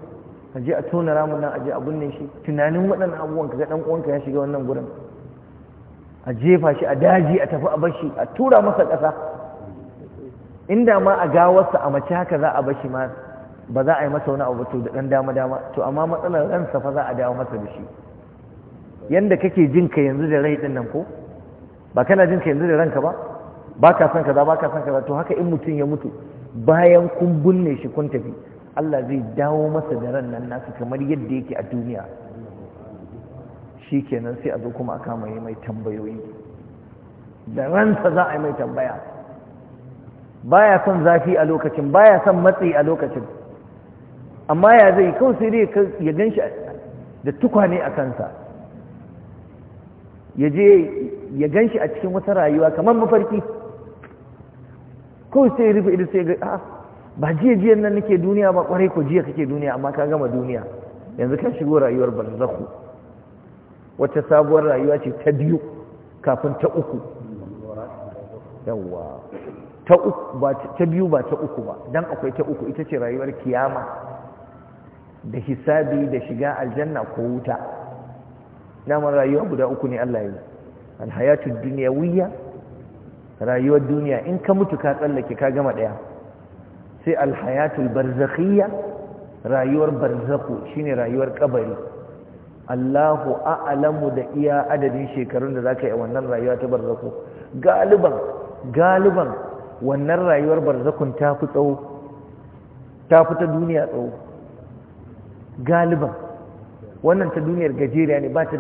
a je a tona ramu nan a je a binne shi tunanin waɗannan abubuwan kaga ɗan uwanka ya shiga wannan gurin a jefa shi a daji a tafi a bashi a tura masa ƙasa inda ma a gawarsa a mace haka za a bashi ma ba za a yi masa wani abu to da ɗan dama dama to amma matsalar ransa fa za a dawo masa da shi yanda kake jin ka yanzu da rai ɗin nan ko ba kana jin ka yanzu da ranka ba ba ka san kaza ba ka san kaza to haka in mutum ya mutu bayan kun binne shi kun tafi Allah zai dawo masa da ran nan nasu kamar yadda yake a duniya shi kenan sai a zo kuma aka mai mai tambayoyi da ransa za a yi mai tambaya baya son zafi a lokacin baya son matsi a lokacin amma ya zai kawai sai dai ya gan shi da tukwane a kansa ya je ya gan shi a cikin wata rayuwa kamar mafarki kawai sai ya rufe ido sai ga a ah, ba jiya jiyan nan nake duniya ba kwarai ko jiya kake duniya amma ka gama duniya yanzu ka shigo rayuwar barzakhu wata sabuwar rayuwa ce ta biyu kafin ta uku yawa ta uku ba ta biyu ba ta uku ba dan akwai ta uku ita ce rayuwar kiyama da hisabi da shiga aljanna ko wuta naman rayuwa guda uku ne Allah ya yi alhayatul dunyawiyya rayuwar duniya in ka mutu ka tsallake ka gama daya sai alhayatul barzakhiyya rayuwar barzaku shine rayuwar kabari Allahu a'lamu da iya adadin shekarun da zaka yi a wannan rayuwa ta barzaku. galiban galiban wannan rayuwar barzakun ta fi tsawo ta fi ta duniya tsawo galiban wannan ta duniyar gajeriya ne ba ta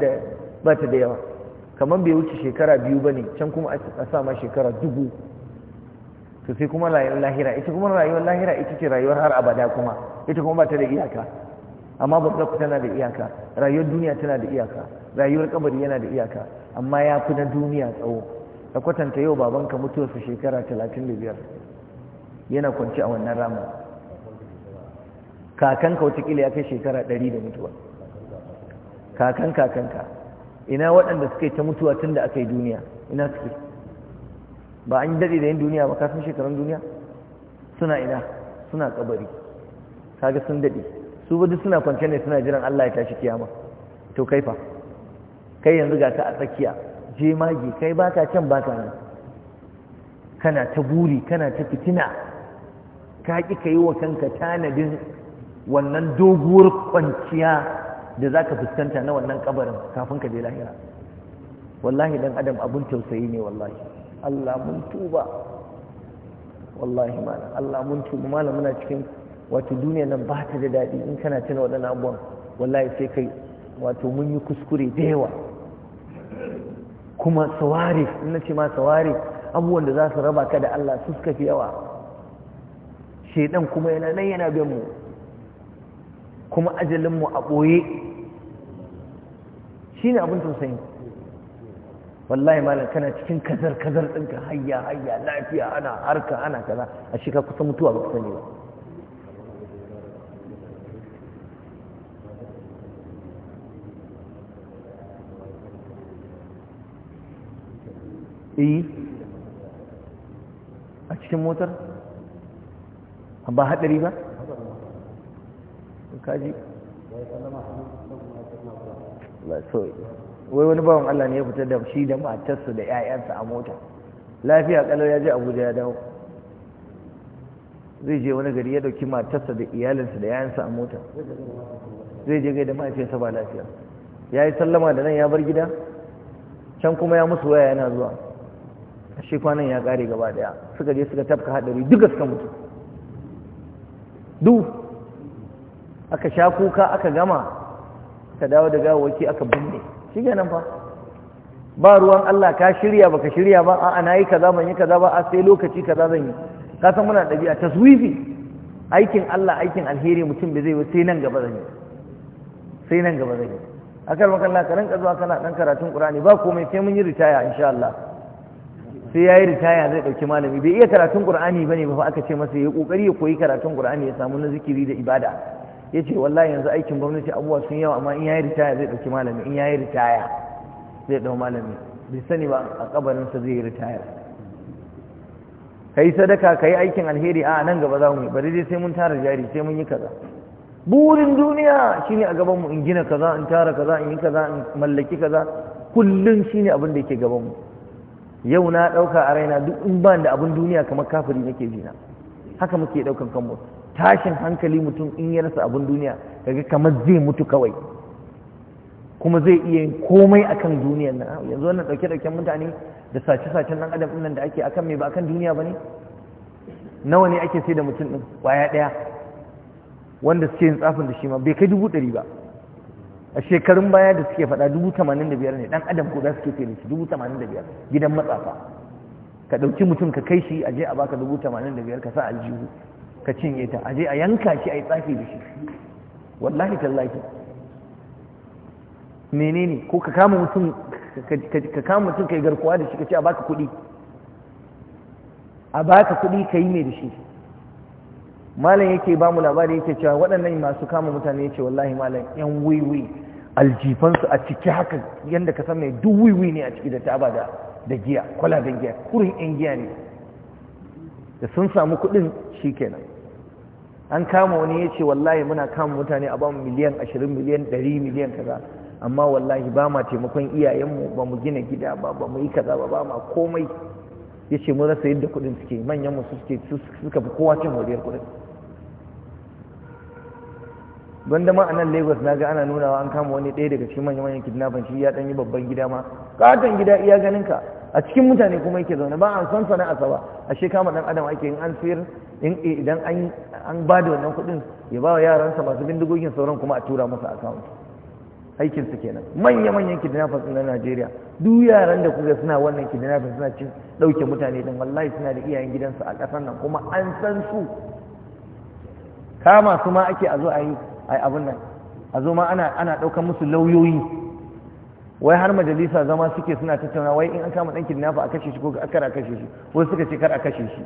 da yawa kamar bai wuce shekara biyu ba ne can kuma a sama shekara dubu to sai kuma rayuwar lahira ita kuma rayuwar lahira ita ce rayuwar har abada kuma ita kuma ba ta da iyaka amma ku tana da iyaka rayuwar duniya tana da iyaka rayuwar kabari yana da iyaka amma ya fi na duniya tsawo ka kwatanta yau babanka mutuwarsa shekara talatin da biyar yana kwanci a wannan rama kakanka wata ya kai shekara ɗari da mutuwa kakan kakanka ina waɗanda suka yi ta mutuwa tun da aka yi duniya ina suke ba an daɗe da yin duniya ba kafin shekarun duniya suna ina suna kabari kaga sun daɗe su ba duk suna kwance ne suna jiran Allah ya tashi kiyama to kai fa kai yanzu ga ka a tsakiya Je magi kai baka can baka nan kana ta buri kana ta fitina ka ki ka yi wa kanka tanadin wannan doguwar kwanciya da za ka fuskanta na wannan kabarin kafin ka je lahira wallahi dan adam abun tausayi ne wallahi Allah mun tuba wallahi ma Allah mun tuba malam muna cikin wato duniya nan ba ta da daɗi in kana tuna wannan abun wallahi sai kai wato mun yi kuskure da yawa kuma sawari in ce ma sawari abubuwan da za su raba ka da Allah su suka fi yawa shedan kuma yana nan yana bin mu kuma ajalinmu a ɓoye shi ne abin tausayi wallahi malam kana cikin kazar kazar ɗinka hayya hayya lafiya ana harka ana kaza a ka kusa mutuwa ba ka ne ba eh, a cikin motar ba haɗari ba kaji wai wani bawan Allah ne ya fitar da shi da matarsu da 'ya'yansa a mota lafiya kalau ya je abuja ya dawo zai je wani gari ya dauki matarsa da iyalinsa da 'ya'yansa a mota zai je gai da mahaifiyarsa ba lafiya ya yi sallama da nan ya bar gida can kuma ya musu waya yana zuwa shi kwanan ya kare gaba daya suka je suka tafka hadari duka suka mutu duk aka sha kuka aka gama ka dawo da gawawaki aka binne shi ganin fa ba ruwan Allah ka shirya baka shirya ba a'a nayi kaza ban yi kaza ba a sai lokaci kaza zan yi ka san muna ɗabi'a taswifi aikin Allah aikin alheri mutum bai zai ba sai nan gaba zan yi sai nan gaba zan yi akar Allah ka rinka zuwa kana dan karatun Qur'ani ba komai sai mun yi ritaya insha Allah sai yayi ritaya zai dauki malami bai iya karatun Qur'ani bane ba fa aka ce masa ya kokari ya koyi karatun Qur'ani ya samu na zikiri da ibada ya ce wallahi yanzu aikin gwamnati abubuwa sun yawa amma in yayi ritaya zai ɗauki malami in yayi ritaya zai ɗau malami bai sani ba a kabarinsa zai yi ritaya ka yi sadaka ka yi aikin alheri a nan gaba za mu yi bari dai sai mun tara jari sai mun yi kaza burin duniya shine a gabanmu in gina kaza in tara kaza in yi kaza in mallaki kaza kullum shine abin da yake gabanmu yau na ɗauka a raina duk in ban da abin duniya kamar kafiri nake jina haka muke ɗaukan kanmu tashin hankali mutum in yi rasa abin duniya kaga kamar zai mutu kawai kuma zai iya yin komai akan duniyar nan yanzu wannan dauke ɗauken mutane da sace sacen nan adam nan da ake akan mai ba akan duniya ba ne? nawa ne ake sai da mutum ɗin kwaya ɗaya? wanda suke yin tsafin da shi ma bai kai dubu ɗari ba a shekarun baya da suke faɗa dubu tamanin da biyar ne ɗan adam guda suke sai da shi dubu tamanin da biyar gidan matsafa ka ɗauki mutum ka kai shi a je a baka dubu tamanin da biyar ka sa aljihu ka cinye ta aje a yanka shi a yi tsafi da shi wallahi tallahi menene ko ka kama mutum ka yi garkuwa da shi ka ce a baka kuɗi a baka kudi ka yi mai da shi malam yake ba mu labari yake cewa waɗannan masu kama mutane ce wallahi malam yan wiwi aljifansu a ciki haka yadda ka san mai duk wiwi ne a ciki da taba da da giya kwalaben giya kurin yan giya ne da sun samu kuɗin kenan an kama wani ya ce wallahi muna kama mutane a bamu miliyan ashirin miliyan ɗari miliyan kaza amma wallahi ba ma taimakon iyayenmu ba mu gina gida ba ba mu yi kaza ba ba ma komai ya ce mun rasa yadda kuɗin suke manyan mu suke suka fi kowa cin wariyar kuɗin don ma a nan lagos na ga ana nunawa an kama wani ɗaya daga cikin manyan manyan kidnapping shi ya ɗan yi babban gida ma katon gida iya ganin ka a cikin mutane kuma yake zaune ba an san sana'a ba a shi kama dan adam ake yin an sayar in eh, idan an an ba da wannan kuɗin ya ba wa yaransa masu bindigogin sauran kuma a tura masa account aikin su kenan manya manyan kidnappers na Najeriya duk yaran da kuga suna wannan kidnappers suna cin dauke mutane din wallahi suna da iyayen gidansu a ƙasar nan kuma an san su kama su ma ake a zo a yi abin nan a zo ma ana ana daukar musu lauyoyi wai har majalisa zama suke suna tattauna wai in an kama ɗan kidnapper a kashe shi ko kar a kashe shi wasu suka ce kar a kashe shi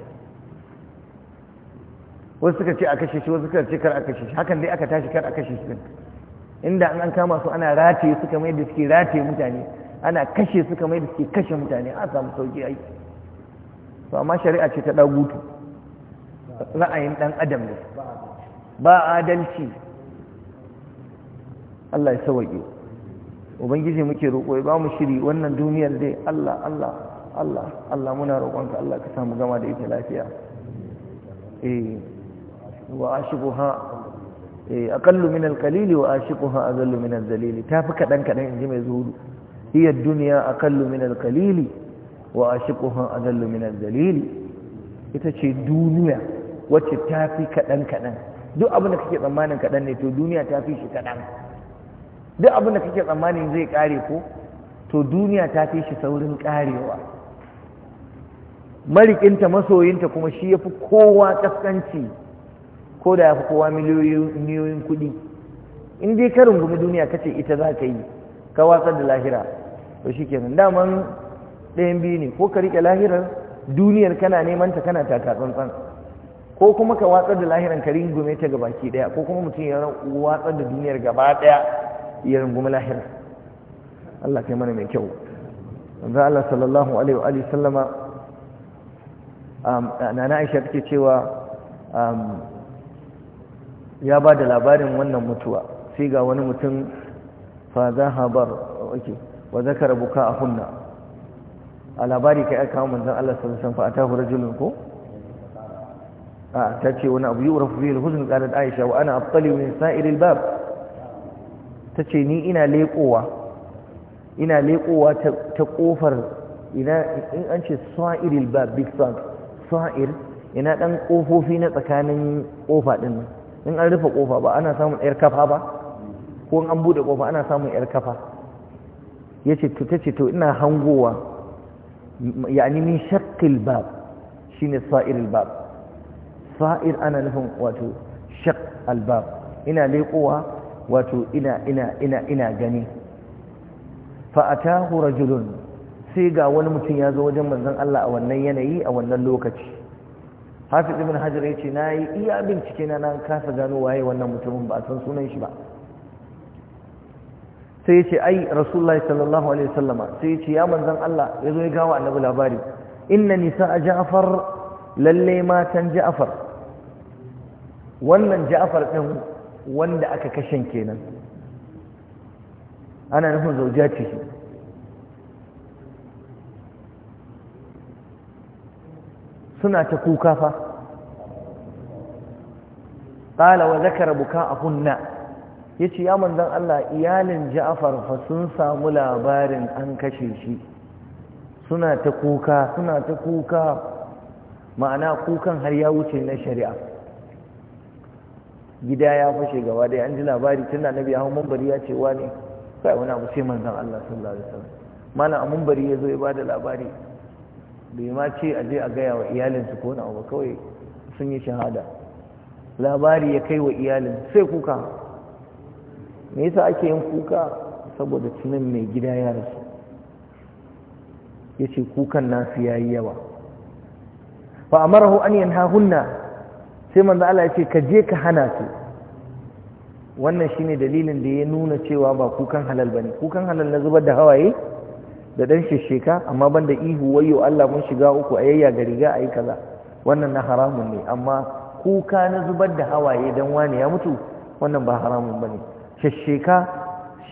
wasu suka ce a kashe shi wasu suka ce kar a kashe shi hakan dai aka tashi kar a kashe shi inda an kama su ana rataye su kamar yadda suke rataye mutane ana kashe su kamar yadda suke kashe mutane a samu sauki ai to amma shari'a ce ta dagutu ra'ayin dan adam ne ba adalci Allah ya sauke ubangiji muke roƙo ba mu shiri wannan duniyar dai Allah Allah Allah Allah muna roƙonka Allah ka samu gama da ita lafiya eh wa ashiquha eh aqallu min al-qalil wa ashiquha azallu min al-zalil tafi kadan kadan inji mai zuhudu hiya dunya aqallu min al-qalil wa ashiquha azallu min al-zalil ita ce duniya wacce tafi kadan kadan duk abin da kake tsammanin kadan ne to duniya tafi shi kadan duk abin da kake tsammanin zai kare ko to duniya ta fi shi saurin karewa marikinta masoyinta kuma shi ya fi kowa kaskanci ko da ya fi kowa miliyoyin kuɗi in dai ka rungumi duniya kace ita za ka yi ka watsar da lahira to shi nan daman ɗayan biyu ne ko ka riƙe lahirar duniyar kana neman ta kana taka tsantsan ko kuma ka watsar da lahiran ka rungume ta gaba ɗaya ko kuma mutum ya watsar da duniyar gaba ɗaya ya rungumi lahira Allah kai mana mai kyau manzo Allah sallallahu alaihi wa sallama um, take cewa um, ya ba da labarin wannan mutuwa sai ga wani mutum fa zahabar okay wa zakara buka'ahunna a labari kai aka kawo manzon Allah sallallahu alaihi wasallam fa atahu rajulun ko a ce wani abu yurafu bihi al-huzn qalat Aisha wa ana abtali min ta ce ni ina leƙowa ina leƙowa ta ƙofar ina in an ce sa'iril bab big sound Swa'ir ina ɗan ƙofofi na tsakanin ƙofa ɗin nan in an rufe ƙofa ba ana samun ƴar kafa ba ko an buɗe ƙofa ana samun ƴar kafa ya ce ta ce to ina hangowa ya yani min shakkil shi ne sa'iril bab Swa'ir ana nufin wato shak albab ina leƙowa wato ina ina ina ina gani fa atahu rajulun sai ga wani mutum ya zo wajen manzon Allah a wannan yanayi a wannan lokaci hafiz ibn hajar yace nayi iya bincike na nan kasa gano waye wannan mutumin ba san sunan shi ba sai yace ai rasulullahi sallallahu alaihi wasallama sai yace ya manzon Allah ya zo ya gawo annabi labari inna nisa ja'far lalle matan ja'far wannan ja'far din wanda aka kashen kenan ana nufin zaujiya ce suna ta kuka fa ƙala wa zakara buka a hunna ya ce ya manzan Allah iyalin ja'afar fa sun samu labarin an kashe shi suna ta kuka suna ta kuka ma'ana kukan har ya wuce na shari'a gida ya fashe gaba dai an ji labari tun annabi ya hau mambari ya ce wani kai wani abu sai manzon Allah sallallahu alaihi wasallam malam a mambari ya zo ya bada labari bai ma ce a je a gaya wa iyalinsu ko na ba kawai sun yi shahada labari ya kai wa iyalin sai kuka me yasa ake yin kuka saboda tunan mai gida ya rasu ya ce kukan nasu ya yi yawa fa amarahu an yanha hunna sai manzo Allah ya ce ka je ka hana su wannan shine dalilin da ya nuna cewa ba kukan halal bane kukan halal na zubar da hawaye da dan shesheka amma banda ihu wayo Allah mun shiga uku ayayya ga riga ayi kaza wannan na haramun ne amma kuka na zubar da hawaye dan wani ya mutu wannan ba haramun bane shesheka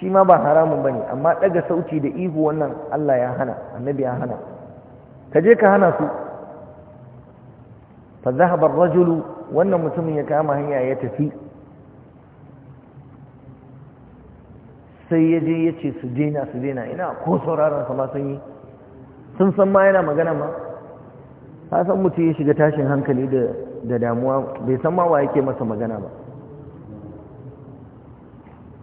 shi ma ba haramun bane amma daga sauti da ihu wannan Allah ya hana annabi ya hana ka je ka hana su fa dhahaba ar-rajulu wannan mutumin ya kama hanya ya tafi sai ya je ya ce su daina su daina ina ko sauraron sama sun yi sun san ma yana magana ma ta san mutum ya shiga tashin hankali da damuwa bai san ma wa yake masa magana ba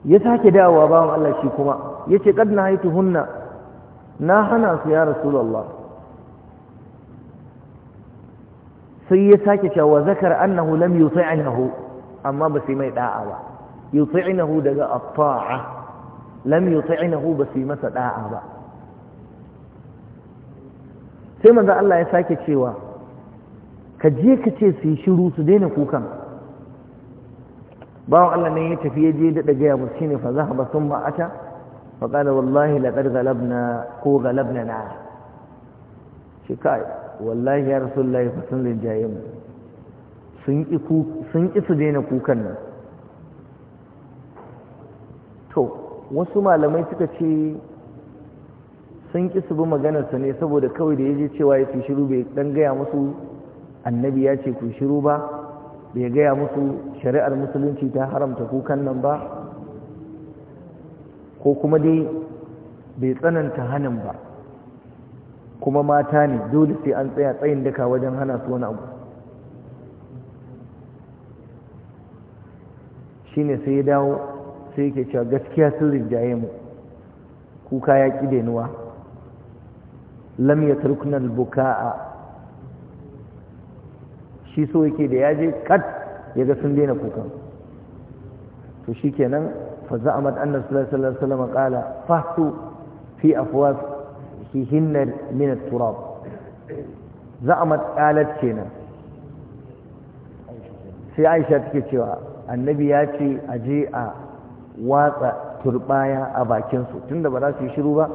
ya sake dawowa bawan Allah shi kuma ya ce kad na haitu hunna na hana su ya Allah. sai ya sake cewa zakar annahu lam yuti'nahu amma ba su mai da'a ba yuti'nahu daga at-ta'a lam yuti'nahu ba su masa da'a ba sai manzo Allah ya sake cewa ka je ka ce su yi shiru su daina kukan bawan Allah ne ya tafi ya je da gaya musu shine fa zahaba thumma ata fa qala wallahi laqad ghalabna ko ghalabna na shi kai wallahi ya rasulullahi fa sun rinjaye mu sun ƙi su daina kukan nan to wasu malamai suka ce sun ƙi su bi maganarsa ne saboda kawai da ya je cewa ya fi shiru bai dan gaya musu annabi ya ce ku shiru ba bai gaya musu shari'ar musulunci ta haramta kukan nan ba ko kuma dai bai tsananta hanin ba kuma mata ne dole sai an tsaya tsayin daka wajen hana su wani abu shine sai ya dawo sai yake cewa gaskiya sun rinjaye mu kuka ya ƙi denuwa lam ya buka'a shi so yake da yaje kat ya ga sun daina kuka. to shi kenan fa za'amat annabi sallallahu alaihi wasallam qala fahtu fi afwas fihinna min turab za'amat qalat kenan sai Aisha take cewa annabi ya ce a je a watsa turbaya a bakin su tunda ba za su yi shiru ba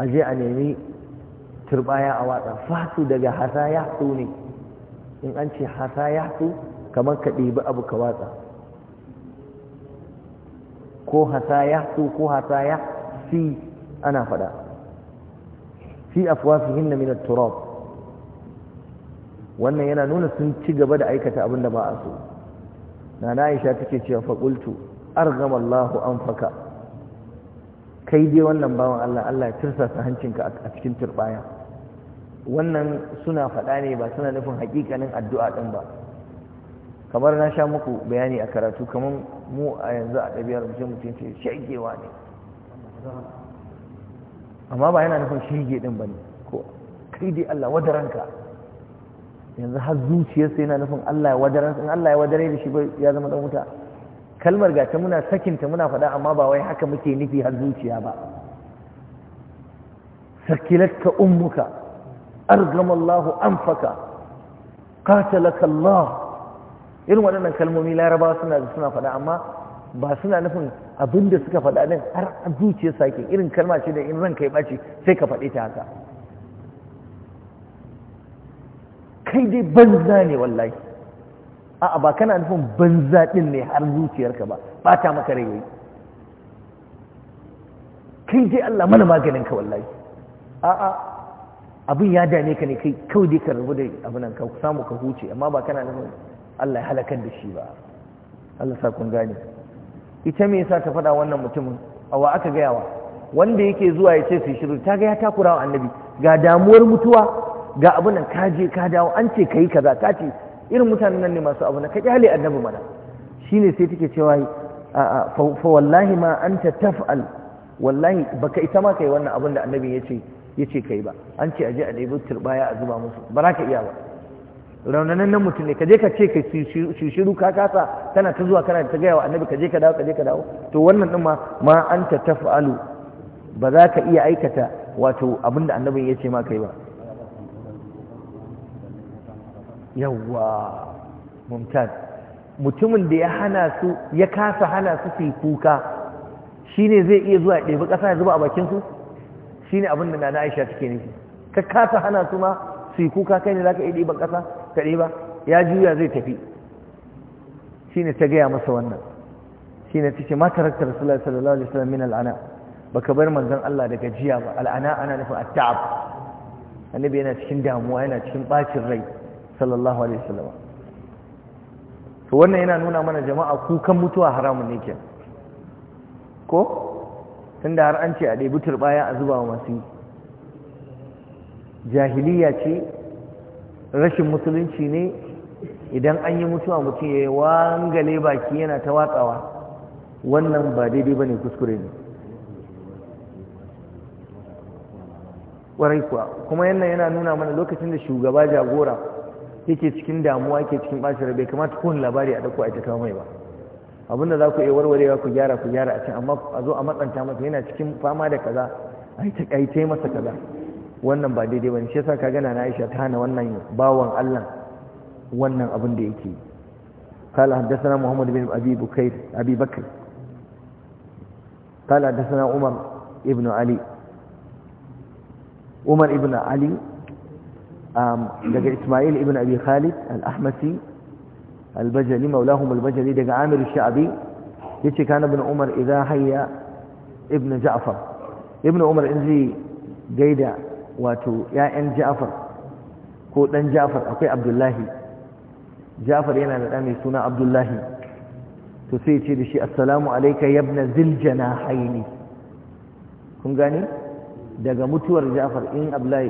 a je a nemi turbaya a watsa fatu daga hasaya su ne in an ce hasaya su kamar ka ɗebi abu ka watsa ko hasaya su ko hasaya si ana faɗa fi afwafihin na minar turab wannan yana nuna sun ci gaba da aikata abin da ba a so nana Aisha take cewa faƙultu qultu arghama Allahu anfaka kai dai wannan bawan Allah Allah ya tirsasa hancinka a cikin turbaya wannan suna faɗa ne ba suna nufin hakikanin addu'a ɗin ba kamar na sha muku bayani a karatu kamar mu a yanzu a ɗabi'ar mutum mutum ce shagewa ne amma ba yana nufin shirge din ne ko kai dai Allah wadaranka yanzu har zuciyarsa yana nufin Allah ya in Allah ya wadare da shi ya zama dan wuta kalmar gata muna sakinta muna faɗa amma ba wai haka muke nufi har zuciya ba sakilatka ummuka argamallahu anfaka qatalaka Allah irin waɗannan kalmomi larabawa suna suna faɗa amma ba suna nufin abin da suka faɗa ɗin har zuciya sake irin kalma ce da in ran kai ɓaci sai ka faɗe ta haka kai dai banza ne wallahi a'a ba kana nufin banza ɗin ne har zuciyarka ba ɓata maka rai kai dai Allah mana maganin ka wallahi a'a abin ya dame ka ne kai kawai dai ka rabu da abin nan ka samu ka huce amma ba kana nufin Allah ya halakar da shi ba Allah sa kun gane ita me sa ta faɗa wannan mutumin awa aka gaya wa wanda yake zuwa ya ce su shiru ta ga ya takura wa annabi ga damuwar mutuwa ga abin nan ka je ka dawo an ce kai kaza ka ce irin mutanen nan ne masu abu na ka kyale annabi mana shine sai take cewa a'a fa wallahi ma anta taf'al wallahi baka ita ma kai wannan abin da annabi ya ce ya ce kai ba an ce aje a ɗebi turbaya a zuba musu ba za ka iya ba raunanannen mutum ne ka je ka ce ka shishiru ka kasa tana ta zuwa kana ta gaya wa annabi ka je ka dawo ka je ka dawo to wannan din ma ma anta taf'alu ba za ka iya aikata wato abinda annabin ya ce ma kai ba yawwa mumtaz mutumin da ya hana su ya kasa hana su su kuka shine zai iya zuwa ya ɗebi ƙasa ya zuba a bakin su shine abin da nana Aisha take nufi ka kasa hana su ma su kuka kai ne zaka iya ɗiban ƙasa kare ba ya juya zai tafi shine ta gaya masa wannan shine ta ce ma tarakta rasulullahi sallallahu alaihi wasallam min al'ana ka bar manzon Allah daga jiya ba al'ana ana nufin at-ta'ab annabi yana cikin damuwa yana cikin bacin rai sallallahu alaihi wasallam to wannan yana nuna mana jama'a kukan mutuwa haramun ne ke, ko tunda har an ce a ɗebi turbaya a zuba wa masu jahiliya ce rashin musulunci ne idan an yi mutuwa mutum ya yi wangale baki yana ta watsawa wannan ba daidai ba ne kuskure ne ƙwarai kuwa kuma yana yana nuna mana lokacin da shugaba jagora yake cikin damuwa yake cikin ɓacin rabe kamata kowane labari a dauko a ita mai ba abinda za ku iya warwarewa ku gyara ku gyara a can amma a zo a matsanta masa yana cikin fama da kaza a yi ta masa kaza wannan ba daidai wani shi yasa ka gana na aisha ta hana wannan bawan allan wannan abin da yake kala haddasa muhammad bin abi bakar kala haddasa umar ibn ali umar ibn ali um, daga ismail ibn abi khalid al-ahmasi al-bajali maulahum al daga amir sha'abi ya ce kana ibn umar idan hayya ibn ja'far ibn umar in zai gaida wato ‘ya'yan jafar ko dan jafar akwai abdullahi jafar yana da ɗa mai suna abdullahi to sai ce da shi assalamu alaika yabna ziljana haini kun gani daga mutuwar jafar in abdullahi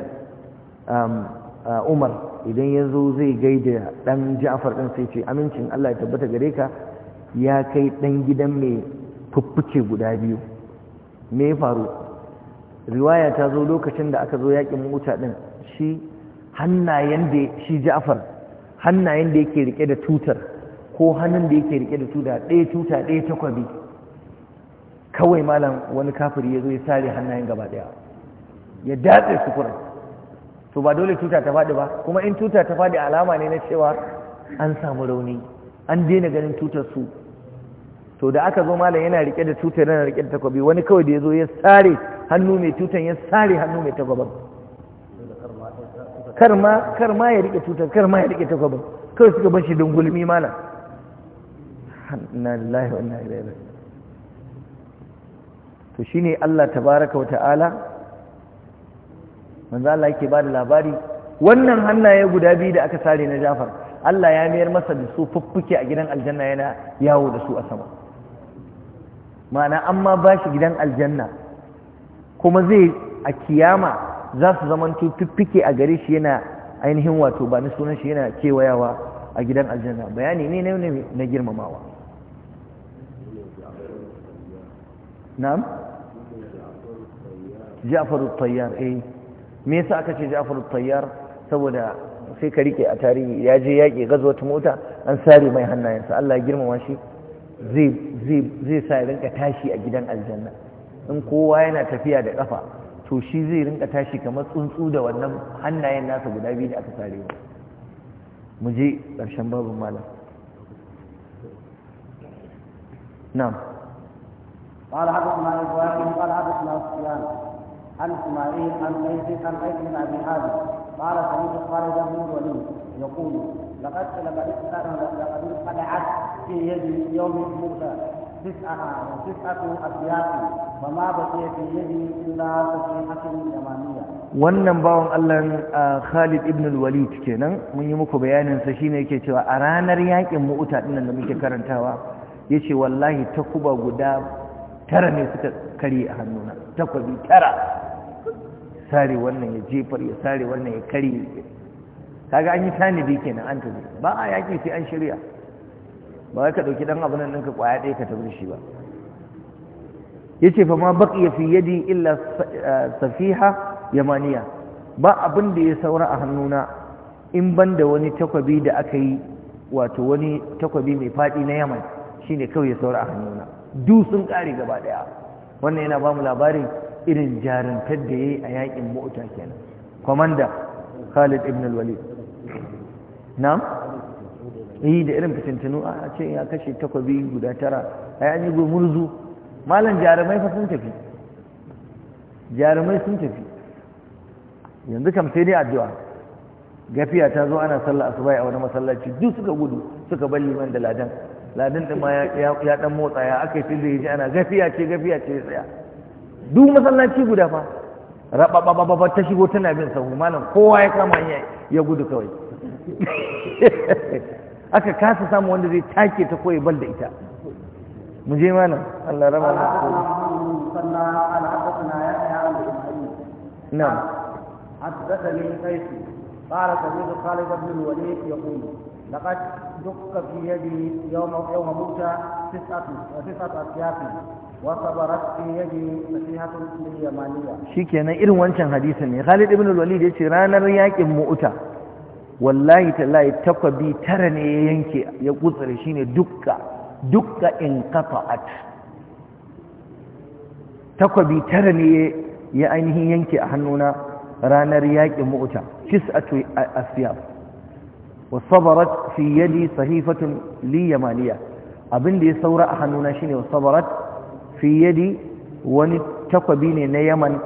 um, uh, umar idan ya zo zai gaida ɗan jafar ɗin sai ce amincin allah ya tabbata gare ka ya kai ɗan gidan mai fuffuke guda biyu me ya faru riwaya ta zo lokacin da aka zo yaƙin mota ɗin shi hannayen da shi Ja'far hannayen da yake rike da tutar ko hannun da yake rike da tuta ɗaya tuta ɗaya takwabi kawai malam wani kafiri ya zo ya sare hannayen gaba ɗaya ya datse su kura to ba dole tuta ta faɗi ba kuma in tuta ta faɗi alama ne na cewa an samu rauni an daina ganin tutar su to da aka zo malam yana rike da tutar yana rike da takwabi wani kawai da ya zo ya sare hannu mai tutan ya sare hannu mai takwabar kar ma ya rike tutan kar ma ya rike takwabar kawai suka bar shi don gulmi mana inna lillahi wa inna ilaihi raji'un to shine Allah tabaraka wa ta'ala manzo Allah yake bada labari wannan hannaye guda biyu da aka sare na Jafar Allah ya mayar masa da su fuffuke a gidan aljanna yana yawo da su a sama ma'ana amma ba shi gidan aljanna kuma zai a kiyama za su zamanto fiffike a gare shi yana ainihin wato ba ni sunan shi yana kewayawa a gidan aljanna bayani ne na girmamawa na'am ja'faru tayyar eh me yasa aka ce ja'faru tayyar saboda sai ka rike a tarihi ya je yaƙi wata mota an sare mai hannayensa Allah ya girmama shi zai sa ya rinka tashi a gidan aljanna in kowa yana tafiya da ƙafa to shi zai rinka tashi kamar tsuntsu da wannan hannayen nasa guda biyu da aka wa mu je ƙarshen babin malam نعم قال حدثنا ابراهيم قال حدثنا سفيان عن اسماعيل عن قيس عن قيس بن ابي حازم قال سمعت خالد بن الوليد يقول لقد لقد لقد في يوم wannan bawan Allah Khalid ibn al-Walid kenan mun yi muku bayanin sa shine yake cewa a ranar yakin mu'uta dinnan da muke karantawa yace wallahi takuba guda tara ne suka kare a hannuna takobi tara sare wannan ya jefar ya sare wannan ya kare kaga an yi tanadi kenan an tafi ba a yaki sai an shirya ba ka ɗauki ɗan abin nan ɗinka ƙwaya ɗaya ka tafi shi ba ya ce fa ma baƙi ya fi yadi illa safiha yamaniya ba abin da ya saura a hannuna in ban da wani takwabi da aka yi wato wani takwabi mai faɗi na yaman shi ne kawai ya saura a hannuna du sun ƙare gaba ɗaya wannan yana ba mu labarin irin jarantar da ya yi a yaƙin mota kenan kwamanda khalid ibn al-walid na yi eh, da irin fitintinu a ce ya kashe takwabi guda tara a an yi murzu malam jarumai fa sun tafi jarumai sun tafi yanzu kam sai dai addu'a gafiya ta zo ana sallah asuba a wani masallaci duk suka gudu suka bar liman da ladan ladan din ma ya dan motsa ya aka yi da yaji ana gafiya ce gafiya ce tsaya duk masallaci guda fa rababababa ta shigo tana bin sahu malam kowa ya kama ya gudu kawai aka kasa samu wanda zai take ta koyi bal da ita mu je mana Allah rama na ku na'am حدثني قيس قال سمعت خالد بن الوليد يقول لقد دق في يدي يوم يوم موتى تسعة تسعة أسياف وصبرت في يدي نصيحة لليمانية. شيك يعني إلو وانشان حديثا خالد بن الوليد يقول رانا رياك مؤتى wallahi tallahi takwabi tara ne ya yanke ya kutsure shine dukka dukka in qata'at takwabi tara ne ya ainihin yanke a hannuna ranar yaƙin mu'uta tis'atu asiyab wa sabarat fi yadi sahifatun li yamaniya abin da ya saura a hannuna shine wa sabarat fi yadi wani takwabi ne na yaman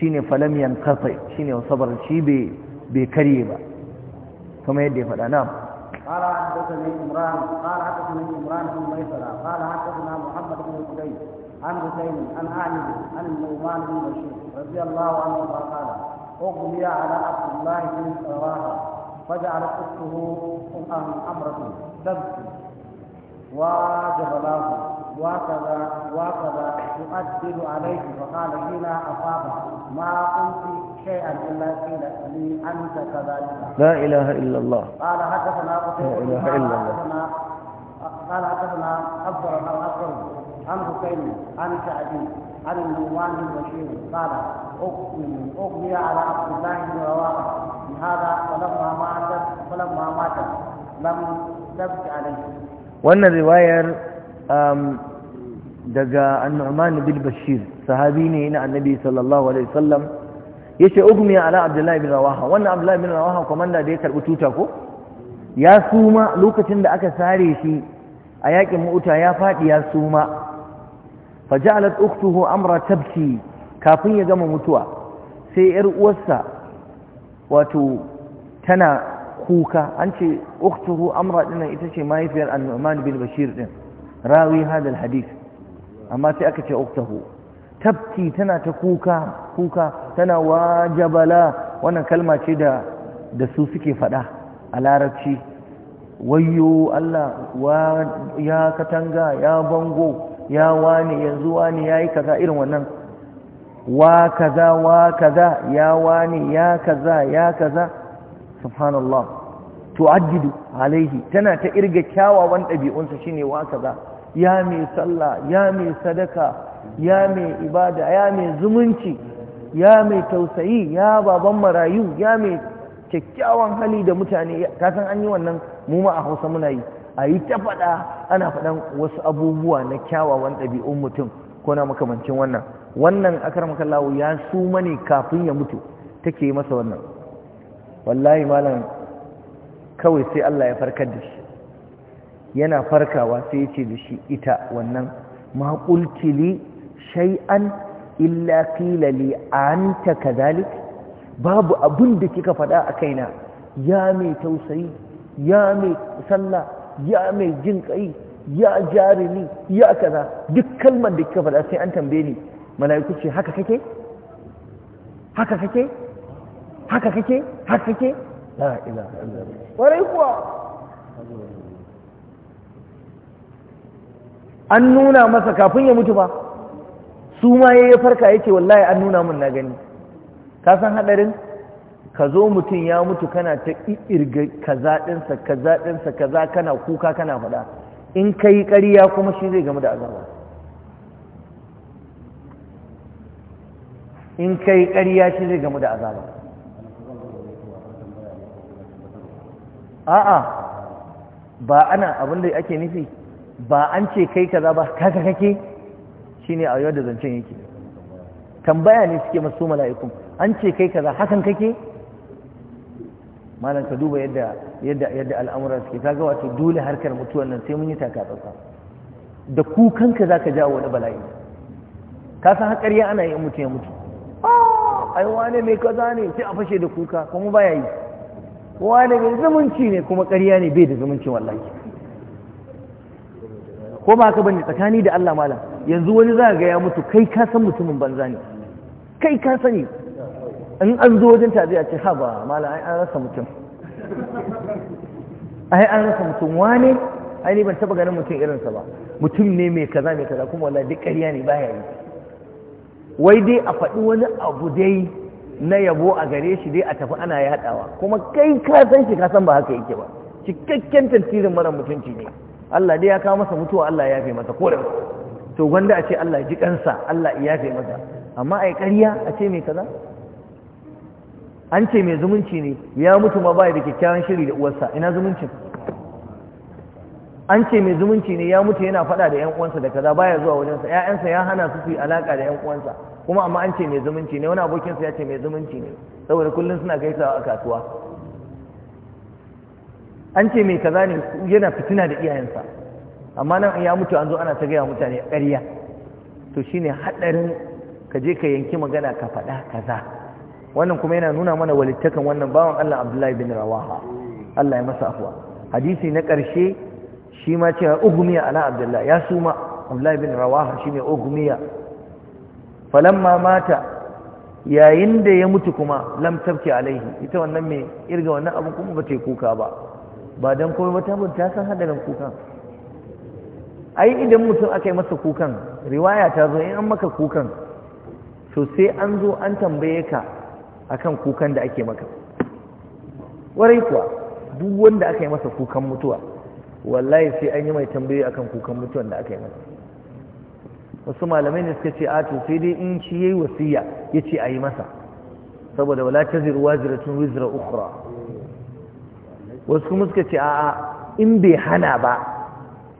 shine falam yankasa shine wa sabarat shi bai karye ba كما يدي فلا نعم قال حدثني عمران قال حدثني عمران بن ميسرة قال حدثنا محمد بن قديس عن حسين عن أعمد عن النعمان بن بشير رضي الله عنه قال أغمي على عبد الله بن سراها فجعلت أخته أمرة تبكي وجبلاه وكذا وكذا تؤدب عليه فقال هنا أصابه ما قلت شيئا إلا قيل لي أنت كذلك لا إله إلا الله قال حدثنا قتيبة لا إله إلا الله قال حدثنا أفضل أو أفضل عن حسين عن سعدي عن النوان بن بشير قال أغني أغني على عبد الله بن رواحة بهذا فلما ماتت فلما ماتت لم تبكي عليه وأن الرواية daga annu'man bin bashir sahabi ne na annabi sallallahu alaihi wasallam yace ugmi ala abdullahi bin rawaha wannan abdullahi bin rawaha komanda da ya karbi tuta ko ya suma lokacin da aka sare shi a yakin mu'uta ya fadi ya suma faja'alat ukhtuhu amra tabki kafin ya gama mutuwa sai yar uwarsa wato tana kuka an ce ukhtuhu amra din ita ce mahaifiyar annuman bin bashir din rawi hadal hadith amma sai aka ce ukhtuhu tafki tana ta kuka kuka tana wajabala wannan kalma ce da da su suke faɗa a larabci wayyo Allah wa ya katanga ya bango ya wani yanzu wani yayi kaza irin wannan wa kaza wa kaza ya wani ya kaza ya kaza subhanallah tu'addidu alaihi tana ta irga kyawawan dabi'unsa shine wa kaza ya mai sallah ya mai sadaka ya mai ibada ya mai zumunci ya mai tausayi ya baban marayu ya mai kyakkyawan hali da mutane kasan an yi wannan muma a hausa muna yi a yi ta faɗa ana faɗan wasu abubuwa na kyawawan ɗabi'un mutum ko na makamancin wannan wannan akar makallawo ya su mane kafin ya mutu take masa wannan wallahi malam kawai sai Allah ya farkar da shi yana farkawa sai ya ce da shi ita wannan maƙulkili shay'an illa qila li anta kadhalik babu abun da kika faɗa a kaina ya mai tausayi ya mai sallah ya mai jin kai ya jarumi ya kaza duk kalmar da kika faɗa sai an tambaye ni mala'iku ce haka kake haka kake haka kake haka kake la ilaha illallah warai kuwa an nuna masa kafin ya mutu ba su ma ya farka ya ce wallahi an nuna mun na gani ka san haɗarin ka zo mutum ya mutu kana ta irga kaza ɗinsa kaza ɗinsa kaza kana kuka kana faɗa in ka yi ƙariya kuma shi zai gamu da azaba in ka yi ƙariya shi zai gamu da azaba a'a ba ana abin da ake nufi ba an ce kai kaza ba kaka kake shine a yau da zancen yake tambaya ne suke masu mala'ikun an ce kai kaza hakan kake malam ka duba yadda yadda yadda al'amura suke kaga wato dole harkar mutuwan nan sai mun yi taka tsasa. da ku kanka zaka jawo wani bala'i ka san haƙar ya ana yi in mutum ya mutu ah, ai wane mai kaza ne sai a fashe da kuka kuma baya yi wane mai zumunci ne kuma ƙarya ne bai da zumunci wallahi ko ba ka bane tsakani da Allah malam yanzu wani za ga ya mutu kai ka san mutumin banza ne kai ka sani in an zo wajen tazi a ce haba mala ai an rasa mutum ai an rasa mutum wane ai ne ban taba ganin mutum irinsa ba mutum ne mai kaza mai kaza kuma wallahi duk ƙarya ne baya yi wai dai a faɗi wani abu dai na yabo a gare shi dai a tafi ana yaɗawa kuma kai ka san shi ka san ba haka yake ba cikakken tasirin mara mutunci ne Allah dai ya kawo masa mutuwa Allah ya fi masa kore to gwanda a ce Allah ji kansa Allah ya fi maza amma yi ƙarya a ce mai kaza an ce mai zumunci ne ya mutu ma bai da kyakkyawan shiri da uwarsa ina zumuncin an ce mai zumunci ne ya mutu yana faɗa da 'yan uwansa da kaza baya zuwa wajensa ƴaƴansa ya hana su su yi alaka da 'yan uwansa kuma amma an ce mai zumunci ne wani abokinsa ya ce mai zumunci ne saboda kullum suna gaisawa a kasuwa an ce mai kaza ne yana fitina da iyayensa amma nan ya mutu an zo ana ta gaya mutane ƙarya to shine haɗarin ka je ka yanki magana ka faɗa kaza wannan kuma yana nuna mana walittakan wannan bawan Allah Abdullahi bin Rawaha Allah ya masa afuwa hadisi na ƙarshe shi ma cewa ugmiya ala Abdullahi ya suma Abdullahi bin Rawaha shine ugmiya falamma mata yayin da ya mutu kuma lam tabki alaihi ita wannan mai irga wannan abu kuma bata yi kuka ba ba dan komai ba ta ta san hadarin kukan ai idan mutum aka yi masa kukan riwaya ta zo in an maka kukan to sai an zo an tambaye ka akan kukan da ake maka warai kuwa duk wanda aka yi masa kukan mutuwa wallahi sai an yi mai tambaye akan kukan mutuwan da aka yi masa wasu malamai ne suka ce a to sai dai in shi yayi wasiya yace a yi masa saboda wala taziru waziratun wizra ukhra wasu kuma suka ce a'a in bai hana ba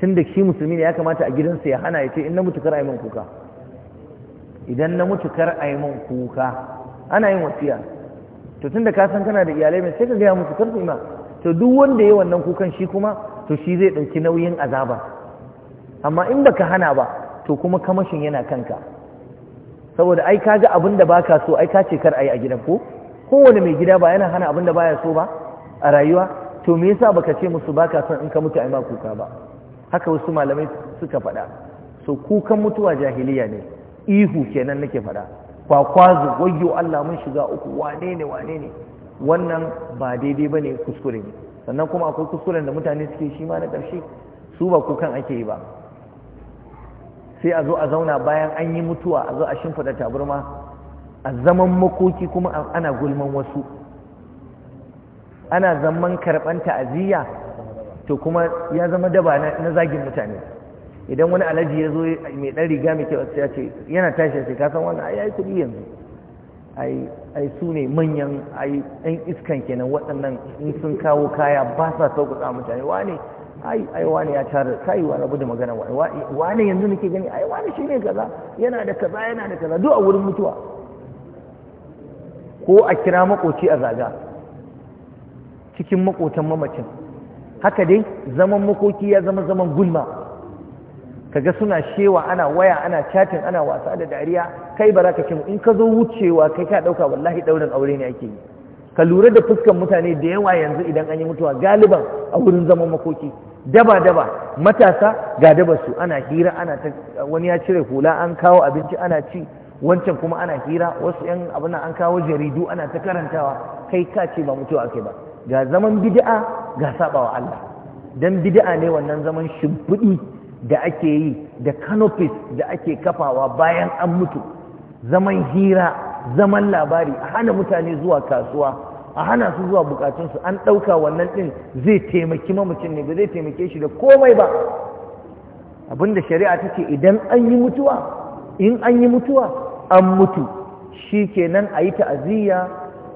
tun da shi musulmi ne ya kamata a gidansa ya hana ya ce in na mutu kar a kuka idan na mutu kar a kuka ana yin wasiya to tun da ka san kana da iyalai mai sai ka gaya musu kar su ima to duk wanda ya wannan kukan shi kuma to shi zai ɗauki nauyin azaba amma in baka hana ba to kuma kamashin yana kanka saboda ai ka ga abin da baka so ai ka ce kar a yi a gidan ko kowane mai gida ba yana hana abin da baya so ba a rayuwa to me yasa baka ce musu baka son in ka mutu a yi ma kuka ba haka wasu malamai suka faɗa so kukan mutuwa jahiliya ne ihu kenan nake faɗa kwakwazo wayyo Allah mun shiga uku wane ne wane ne wannan ba daidai bane kuskure ne sannan kuma akwai kuskuren da mutane suke shi ma na ƙarshe su ba kukan ake yi ba sai a zo a zauna bayan an yi mutuwa a zo a shimfida taburma a zaman makoki kuma ana gulman wasu ana zaman karɓan ta'aziyya to kuma ya zama daba na zagin mutane idan wani alaji ya zo mai ɗan riga mai kyau ya ce yana tashi sai ka san wannan ai ai yanzu ai ai su ne manyan ai ɗan iskan kenan waɗannan in sun kawo kaya ba sa sauƙaƙa mutane wane ai ai wane ya tara kai wa rabu da magana wane yanzu nake gani ai wane shine kaza yana da kaza yana da kaza duk a wurin mutuwa ko a kira makoci a zaga cikin makotan mamacin haka dai zaman makoki ya zama zaman gulma kaga suna shewa ana waya ana chatting ana wasa da dariya kai ba za ka in ka zo wucewa kai ka dauka wallahi daurin aure ne ake yi ka lura da fuskan mutane da yawa yanzu idan an yi mutuwa galiban a wurin zaman makoki daba-daba matasa ga dabarsu ana hira ana ta wani ya cire hula an kawo abinci ana ci wancan kuma ana hira wasu yan abuna an kawo jaridu ana ta karantawa kai ka ce ba mutuwa kai ba ga zaman bid'a ga sabawa Allah dan bid'a ne wannan zaman shubudi da ake yi da canopies da ake kafawa bayan an mutu zaman hira zaman labari a hana mutane zuwa kasuwa a hana su zuwa bukatunsu an ɗauka wannan ɗin zai taimaki mamacin ne ba zai taimake shi da komai ba abinda shari'a ta ce idan an yi mutuwa in an yi mutuwa an mutu shi kenan a yi ta'aziyya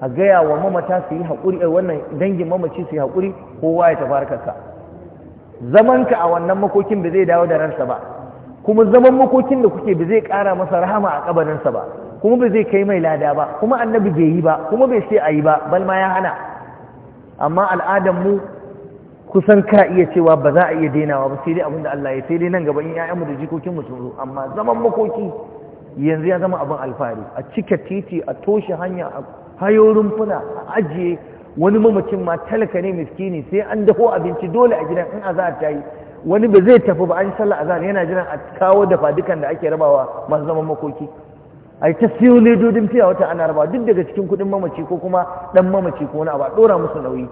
a gaya wa mamata su yi haƙuri eh, wannan dangin mamaci su yi haƙuri kowa ya tafi harkarsa zamanka a wannan makokin ba zai dawo da ransa ba kuma zaman makokin da kuke ba zai ƙara masa rahama a ƙabarinsa ba kuma ba zai kai mai lada ba kuma annabi bai yi ba kuma bai sai a yi ba bal ma ya hana amma al'adar mu kusan ka iya cewa ba za a iya dainawa ba sai dai abinda Allah ya sai dai nan gaba in mu da jikokin mu sun zo amma zaman makoki yanzu ya zama abin alfahari a cika titi a toshe hanya a hayo rumfuna a ajiye wani mamacin ma talaka ne miskini sai an dako abinci dole a gidan in za ta yi wani ba zai tafi ba an sallah azahar yana jiran a kawo dafa dukan da ake rabawa masu zaman makoki a ta siyo ledodin fiya wata ana rabawa duk daga cikin kudin mamaci ko kuma dan mamaci ko na abu a ɗora musu nauyi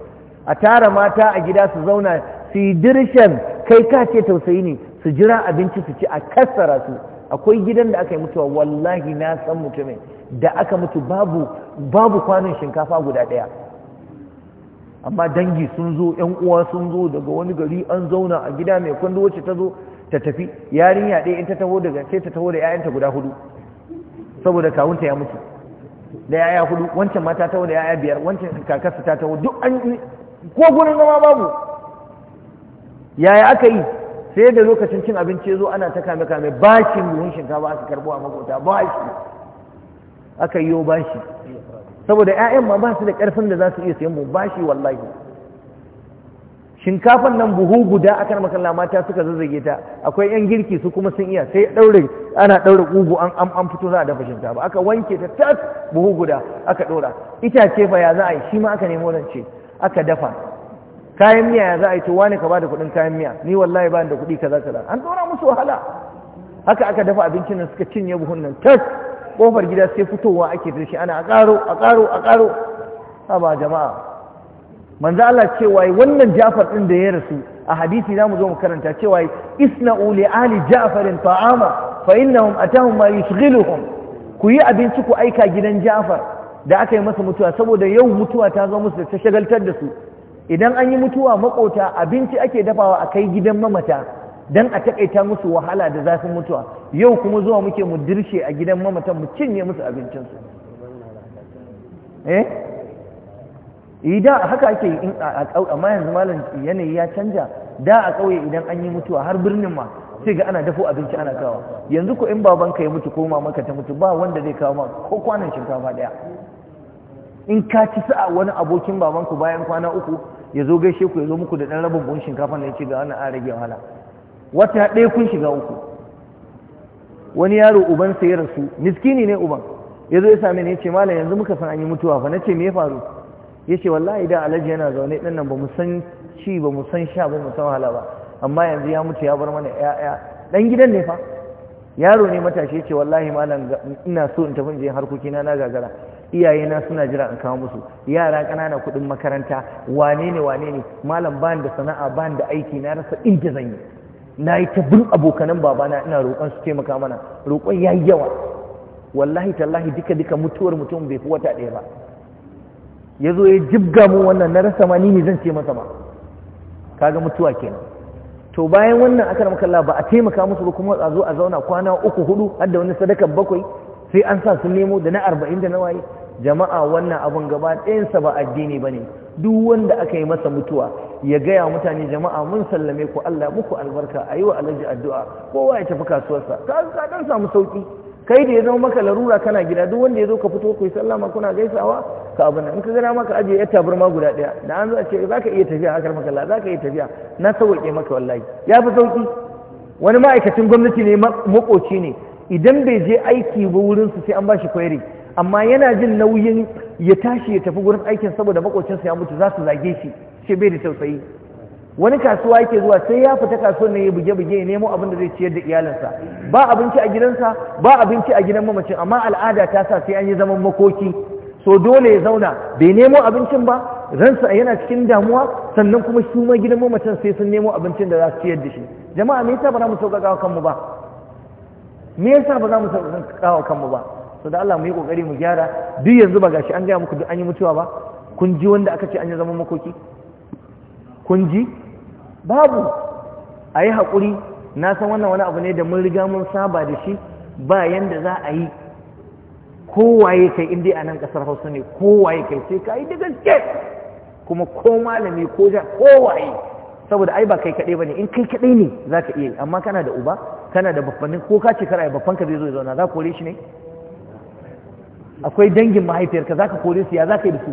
a tara mata a gida su zauna su yi dirshen kai ka ce tausayi ne su jira abinci su ci a kassara su akwai gidan da aka yi mutuwa wallahi na san mutumin da aka mutu babu babu kwanin shinkafa guda ɗaya amma dangi sun zo ‘yan uwa sun zo daga wani gari an zauna a gida mai kwando wacce ta zo ta tafi yarinya ɗaya in ta taho daga sai ta taho da ‘ya'yanta guda hudu saboda kawunta ya mutu da ‘ya'ya hudu wancan mata taho da ‘ya'ya biyar wancan kakarsa ta taho duk an ko gurin zama babu yaya aka yi sai da lokacin cin abinci ya zo ana ta kame kame bashin buhun shinkafa aka karbo a makota bashi aka yi bashi saboda 'ya'yan ma ba su da ƙarfin da za su iya sayan bashi wallahi shinkafan nan buhu guda akan makalla mata suka zazzage ta akwai yan girki su kuma sun iya sai daure ana ɗaure ƙugu an an an fito za a dafa shinkafa aka wanke ta tas buhu guda aka ɗora itace fa ya za a yi shi ma aka nemo ce aka dafa kayan miya ya za a yi to wani ka bada kuɗin kayan miya ni wallahi ba da kuɗi kaza kaza an ɗora musu wahala haka aka dafa abincin nan suka cinye buhun nan tas kofar gida sai fitowa ake da shi ana a ƙaro a ƙaro a ƙaro A ba jama'a manzo Allah cewa wannan Ja'far ɗin da ya rasu a hadisi zamu zo mu karanta cewa isna li ali Ja'farin ta'ama fa innahum atahum ma yushghiluhum ku yi abinci ku aika gidan Ja'far da aka yi masa mutuwa saboda yau mutuwa ta zo musu da ta shagaltar da su idan an yi mutuwa makota abinci ake dafawa a kai gidan mamata dan a takaita musu wahala da zafin mutuwa yau kuma zuwa muke mu dirshe a gidan mamatan mu cinye musu abincinsu eh? eh da haka ake in a kauye, amma yanzu malam yanayi ya canja da a kauye idan an yi mutuwa har birnin ma sai ga ana dafo abinci ana kawo yanzu ko in babanka ya mutu ko mamanka ta mutu ba wanda zai kawo ma ko kwanan shinkafa daya in ka ci sa wani abokin babanku bayan kwana uku ya zo gaishe ku ya zo muku da ɗan rabin buhun shinkafa ne ya ce ga wannan an rage wahala wata ɗaya kun shiga uku wani yaro uban sai ya rasu miskini ne uban ya zo ya same ni ya ce malam yanzu muka san an yi mutuwa fa na ce me ya faru ya ce wallahi da alhaji yana zaune ɗin nan ba mu san ci ba mu san sha ba mu san wahala ba amma yanzu ya mutu ya bar mana ƴaƴa ɗan gidan ne fa yaro ne matashi ya ce wallahi malam ina so in tafi in je harkokina na gagara iyayena suna jira in kawo musu yara ƙanana kuɗin makaranta wane ne wane ne malam ban da sana'a ban da aiki na rasa inda zan yi na yi ta bin abokanan babana ina roƙon su taimaka mana roƙon ya yi yawa wallahi tallahi duka duka mutuwar mutum bai fi wata ɗaya ba ya zo ya jibga mu wannan na rasa ma ni ne zan ce masa ba kaga mutuwa kenan to bayan wannan aka na makalla ba a taimaka musu ba kuma a zo a zauna kwana uku hudu har wani sadaka bakwai sai an sa sun nemo da na arba'in da na waye jama'a wannan abun gaba ɗayansa ba addini ba ne duk wanda aka yi masa mutuwa ya gaya mutane jama'a mun sallame ku Allah muku albarka a yi wa alhaji addu'a kowa ya tafi kasuwarsa ka dan samu sauki kai da ya zama maka larura kana gida duk wanda ya zo ka fito ku yi sallama kuna gaisawa ka abin in ka gana maka ajiye yar tabarma guda ɗaya da an za ce za ka iya tafiya haka maka la za ka iya tafiya na sauƙe maka wallahi ya fi sauƙi wani ma'aikacin gwamnati ne makoci ne idan bai je aiki ba wurinsu sai an bashi shi kwairi amma yana jin nauyin ya tashi ya tafi gurin aikin saboda makocinsa ya mutu za su zage shi shi bai da tausayi wani kasuwa yake zuwa sai ya fita kasuwar ne ya buge-buge ya nemo abin da zai ciyar da iyalinsa ba abinci a gidansa ba abinci a gidan mamacin amma al'ada ta sa sai an yi zaman makoki so dole ya zauna bai nemo abincin ba ransa yana cikin damuwa sannan kuma su ma gidan mamacin sai sun nemo abincin da za su ciyar da shi jama'a me yasa ba za mu sauƙaƙa kanmu ba me yasa ba za mu sauƙaƙa kanmu ba so da Allah mu yi kokari mu gyara duk yanzu ba gashi an gaya muku duk an yi mutuwa ba kun ji wanda aka ce an yi zaman makoki kun ji babu a yi haƙuri na san wannan wani abu ne da mun riga mun saba da shi ba yanda za a yi kowaye kai in dai a nan ƙasar hausa ne kowaye kai sai ka yi da gaske kuma ko malami ko ja kowaye saboda ai ba kai kaɗai ba ne in kai kaɗai ne za ka iya amma kana da uba kana da babbannin ko ka ce kara babban ka zai zo ya zauna za ka kore shi ne akwai dangin mahaifiyarka ka kore su ya zaka yi su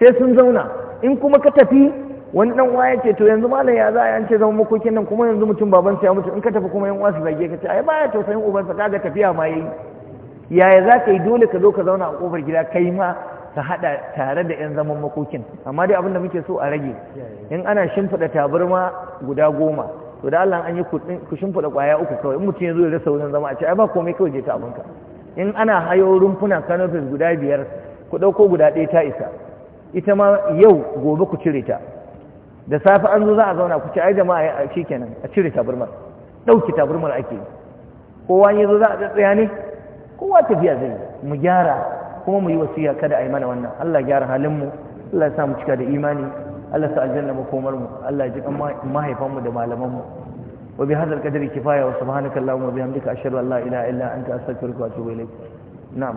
sai sun zauna in kuma ka tafi wani dan uwa ce to yanzu malam ya za a yance zama makokin nan kuma yanzu mutum baban ya mutu in ka tafi kuma yan uwa su zage ka ce ai baya tausayin ubansa kaga tafiya ma yayi yaya za ka yi dole ka zo ka zauna a kofar gida kai ma ka hada tare da yan zaman makokin amma dai abin da muke so a rage in ana shimfiɗa tabarma guda goma to da Allah an yi ku shimfiɗa kwaya uku kawai in mutum ya zo ya rasa wurin zama a ce ai ba komai kawai je ta abinka in ana hayo rumfuna canopies guda biyar ku ɗauko guda ɗaya ta isa ita ma yau gobe ku cire ta da safe an zo za a zauna ku ci ai jama'a shi kenan a cire taburmar ɗauki taburmar ake kowa ya zo za a tsaya ne kowa tafiya zai mu gyara kuma mu yi wasiya kada a yi mana wannan Allah gyara halinmu Allah ya sa mu cika da imani Allah sa aljanna mu mu Allah ya ji kan mahaifanmu da malamanmu وبهذا القدر كفاية وسبحانك اللهم وبحمدك أشهد أن لا إله إلا أنت أستغفرك وأتوب إليك نعم